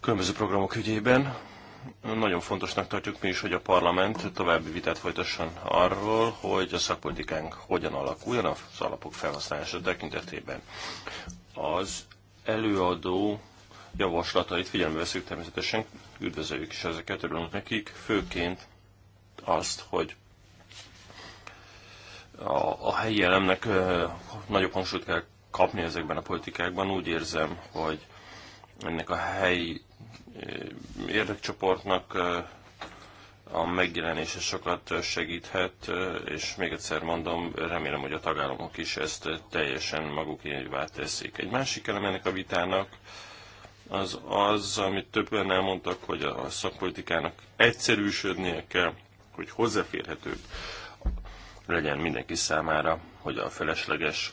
különböző programok ügyében. Nagyon fontosnak tartjuk mi is, hogy a parlament további vitát folytasson arról, hogy a szakpolitikánk hogyan alakuljon az alapok felhasználása tekintetében. Az előadó javaslatait figyelembe veszük természetesen, üdvözöljük is ezeket, örülünk nekik, főként azt, hogy a, a helyi elemnek ö, nagyobb hangsúlyt kell kapni ezekben a politikákban. Úgy érzem, hogy ennek a helyi eh, érdekcsoportnak eh, a megjelenése sokat segíthet, eh, és még egyszer mondom, remélem, hogy a tagállamok is ezt teljesen magukévá teszik. Egy másik elem ennek a vitának az az, amit többen elmondtak, hogy a szakpolitikának egyszerűsödnie kell, hogy hozzáférhetőbb legyen mindenki számára, hogy a felesleges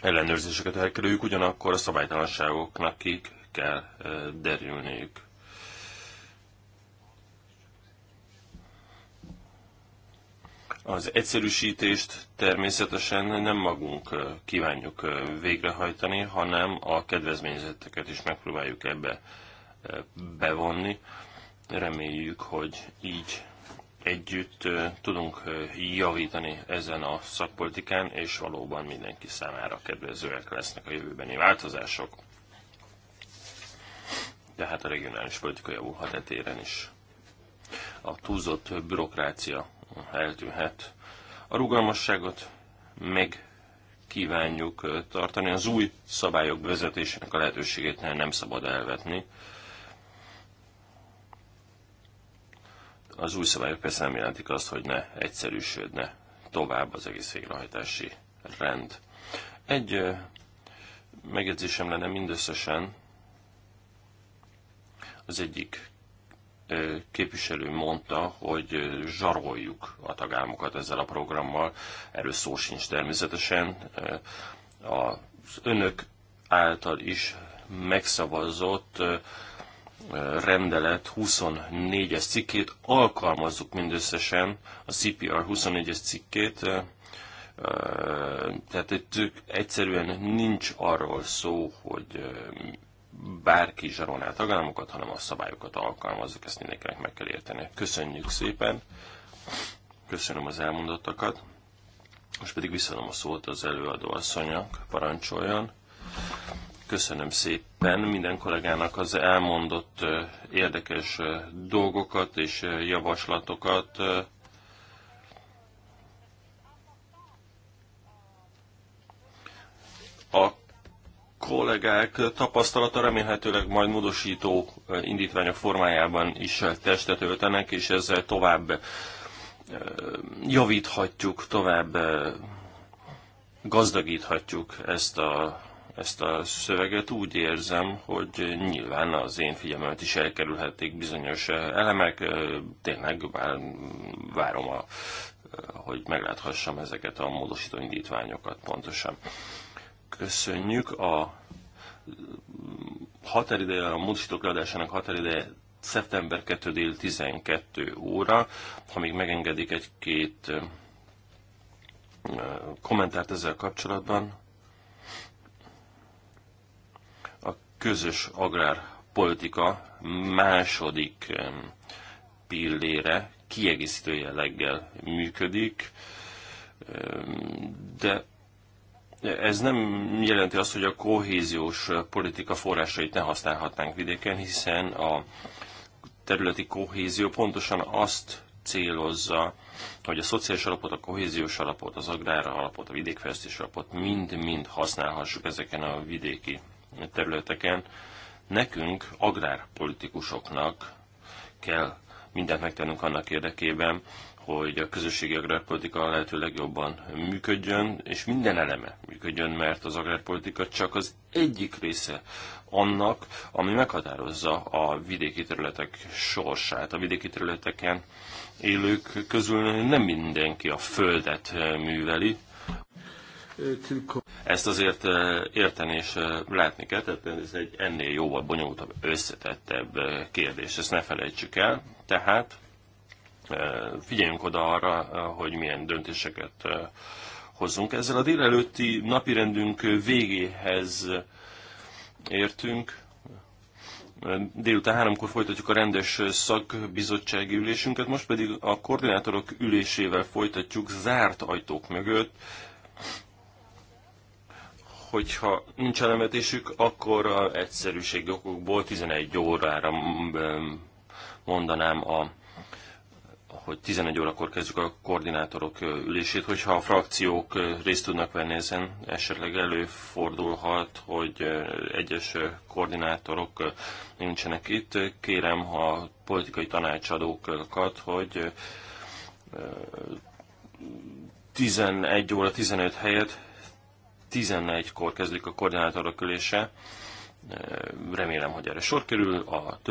ellenőrzéseket elkerüljük, ugyanakkor a szabálytalanságoknak ki kell derülniük. Az egyszerűsítést természetesen nem magunk kívánjuk végrehajtani, hanem a kedvezményezetteket is megpróbáljuk ebbe bevonni. Reméljük, hogy így együtt tudunk javítani ezen a szakpolitikán, és valóban mindenki számára kedvezőek lesznek a jövőbeni változások. De hát a regionális politika javulhat etéren is. A túlzott bürokrácia eltűnhet. A rugalmasságot meg kívánjuk tartani. Az új szabályok vezetésének a lehetőségét nem szabad elvetni az új szabályok persze nem jelentik azt, hogy ne egyszerűsödne tovább az egész végrehajtási rend. Egy megjegyzésem lenne mindösszesen, az egyik képviselő mondta, hogy zsaroljuk a tagállamokat ezzel a programmal. Erről szó sincs természetesen. Az önök által is megszavazott rendelet 24-es cikkét alkalmazzuk mindösszesen, a CPR 24-es cikkét, tehát itt egyszerűen nincs arról szó, hogy bárki zsarolná tagállamokat, hanem a szabályokat alkalmazzuk, ezt mindenkinek meg kell érteni. Köszönjük szépen, köszönöm az elmondottakat, most pedig visszaadom a szót az előadó asszonynak, parancsoljon. Köszönöm szépen minden kollégának az elmondott érdekes dolgokat és javaslatokat. A kollégák tapasztalata remélhetőleg majd módosító indítványok formájában is testet öltenek, és ezzel tovább javíthatjuk, tovább gazdagíthatjuk ezt a ezt a szöveget, úgy érzem, hogy nyilván az én figyelmemet is elkerülhették bizonyos elemek. Tényleg már várom, a, hogy megláthassam ezeket a módosító indítványokat pontosan. Köszönjük a határideje, a módosítók leadásának határideje szeptember 2 dél 12 óra. Ha még megengedik egy-két kommentárt ezzel kapcsolatban, közös agrárpolitika második pillére kiegészítő jelleggel működik, de ez nem jelenti azt, hogy a kohéziós politika forrásait ne használhatnánk vidéken, hiszen a területi kohézió pontosan azt célozza, hogy a szociális alapot, a kohéziós alapot, az agrár alapot, a vidékfejlesztés alapot mind-mind használhassuk ezeken a vidéki területeken. Nekünk, agrárpolitikusoknak kell mindent megtennünk annak érdekében, hogy a közösségi agrárpolitika lehető legjobban működjön, és minden eleme működjön, mert az agrárpolitika csak az egyik része annak, ami meghatározza a vidéki területek sorsát. A vidéki területeken élők közül nem mindenki a földet műveli, ezt azért eh, érteni és eh, látni kell, tehát ez egy ennél jóval bonyolultabb, összetettebb eh, kérdés, ezt ne felejtsük el. Tehát figyeljünk oda arra, hogy milyen döntéseket hozzunk. Ezzel a délelőtti napirendünk végéhez értünk. Délután háromkor folytatjuk a rendes szakbizottsági ülésünket, most pedig a koordinátorok ülésével folytatjuk zárt ajtók mögött hogyha nincs elemetésük, akkor a egyszerűség okokból 11 órára mondanám a hogy 11 órakor kezdjük a koordinátorok ülését, hogyha a frakciók részt tudnak venni ezen, esetleg előfordulhat, hogy egyes koordinátorok nincsenek itt. Kérem a politikai tanácsadókat, hogy 11 óra 15 helyett 11-kor kezdődik a koordinátorok ülése. Remélem, hogy erre sor kerül. A többi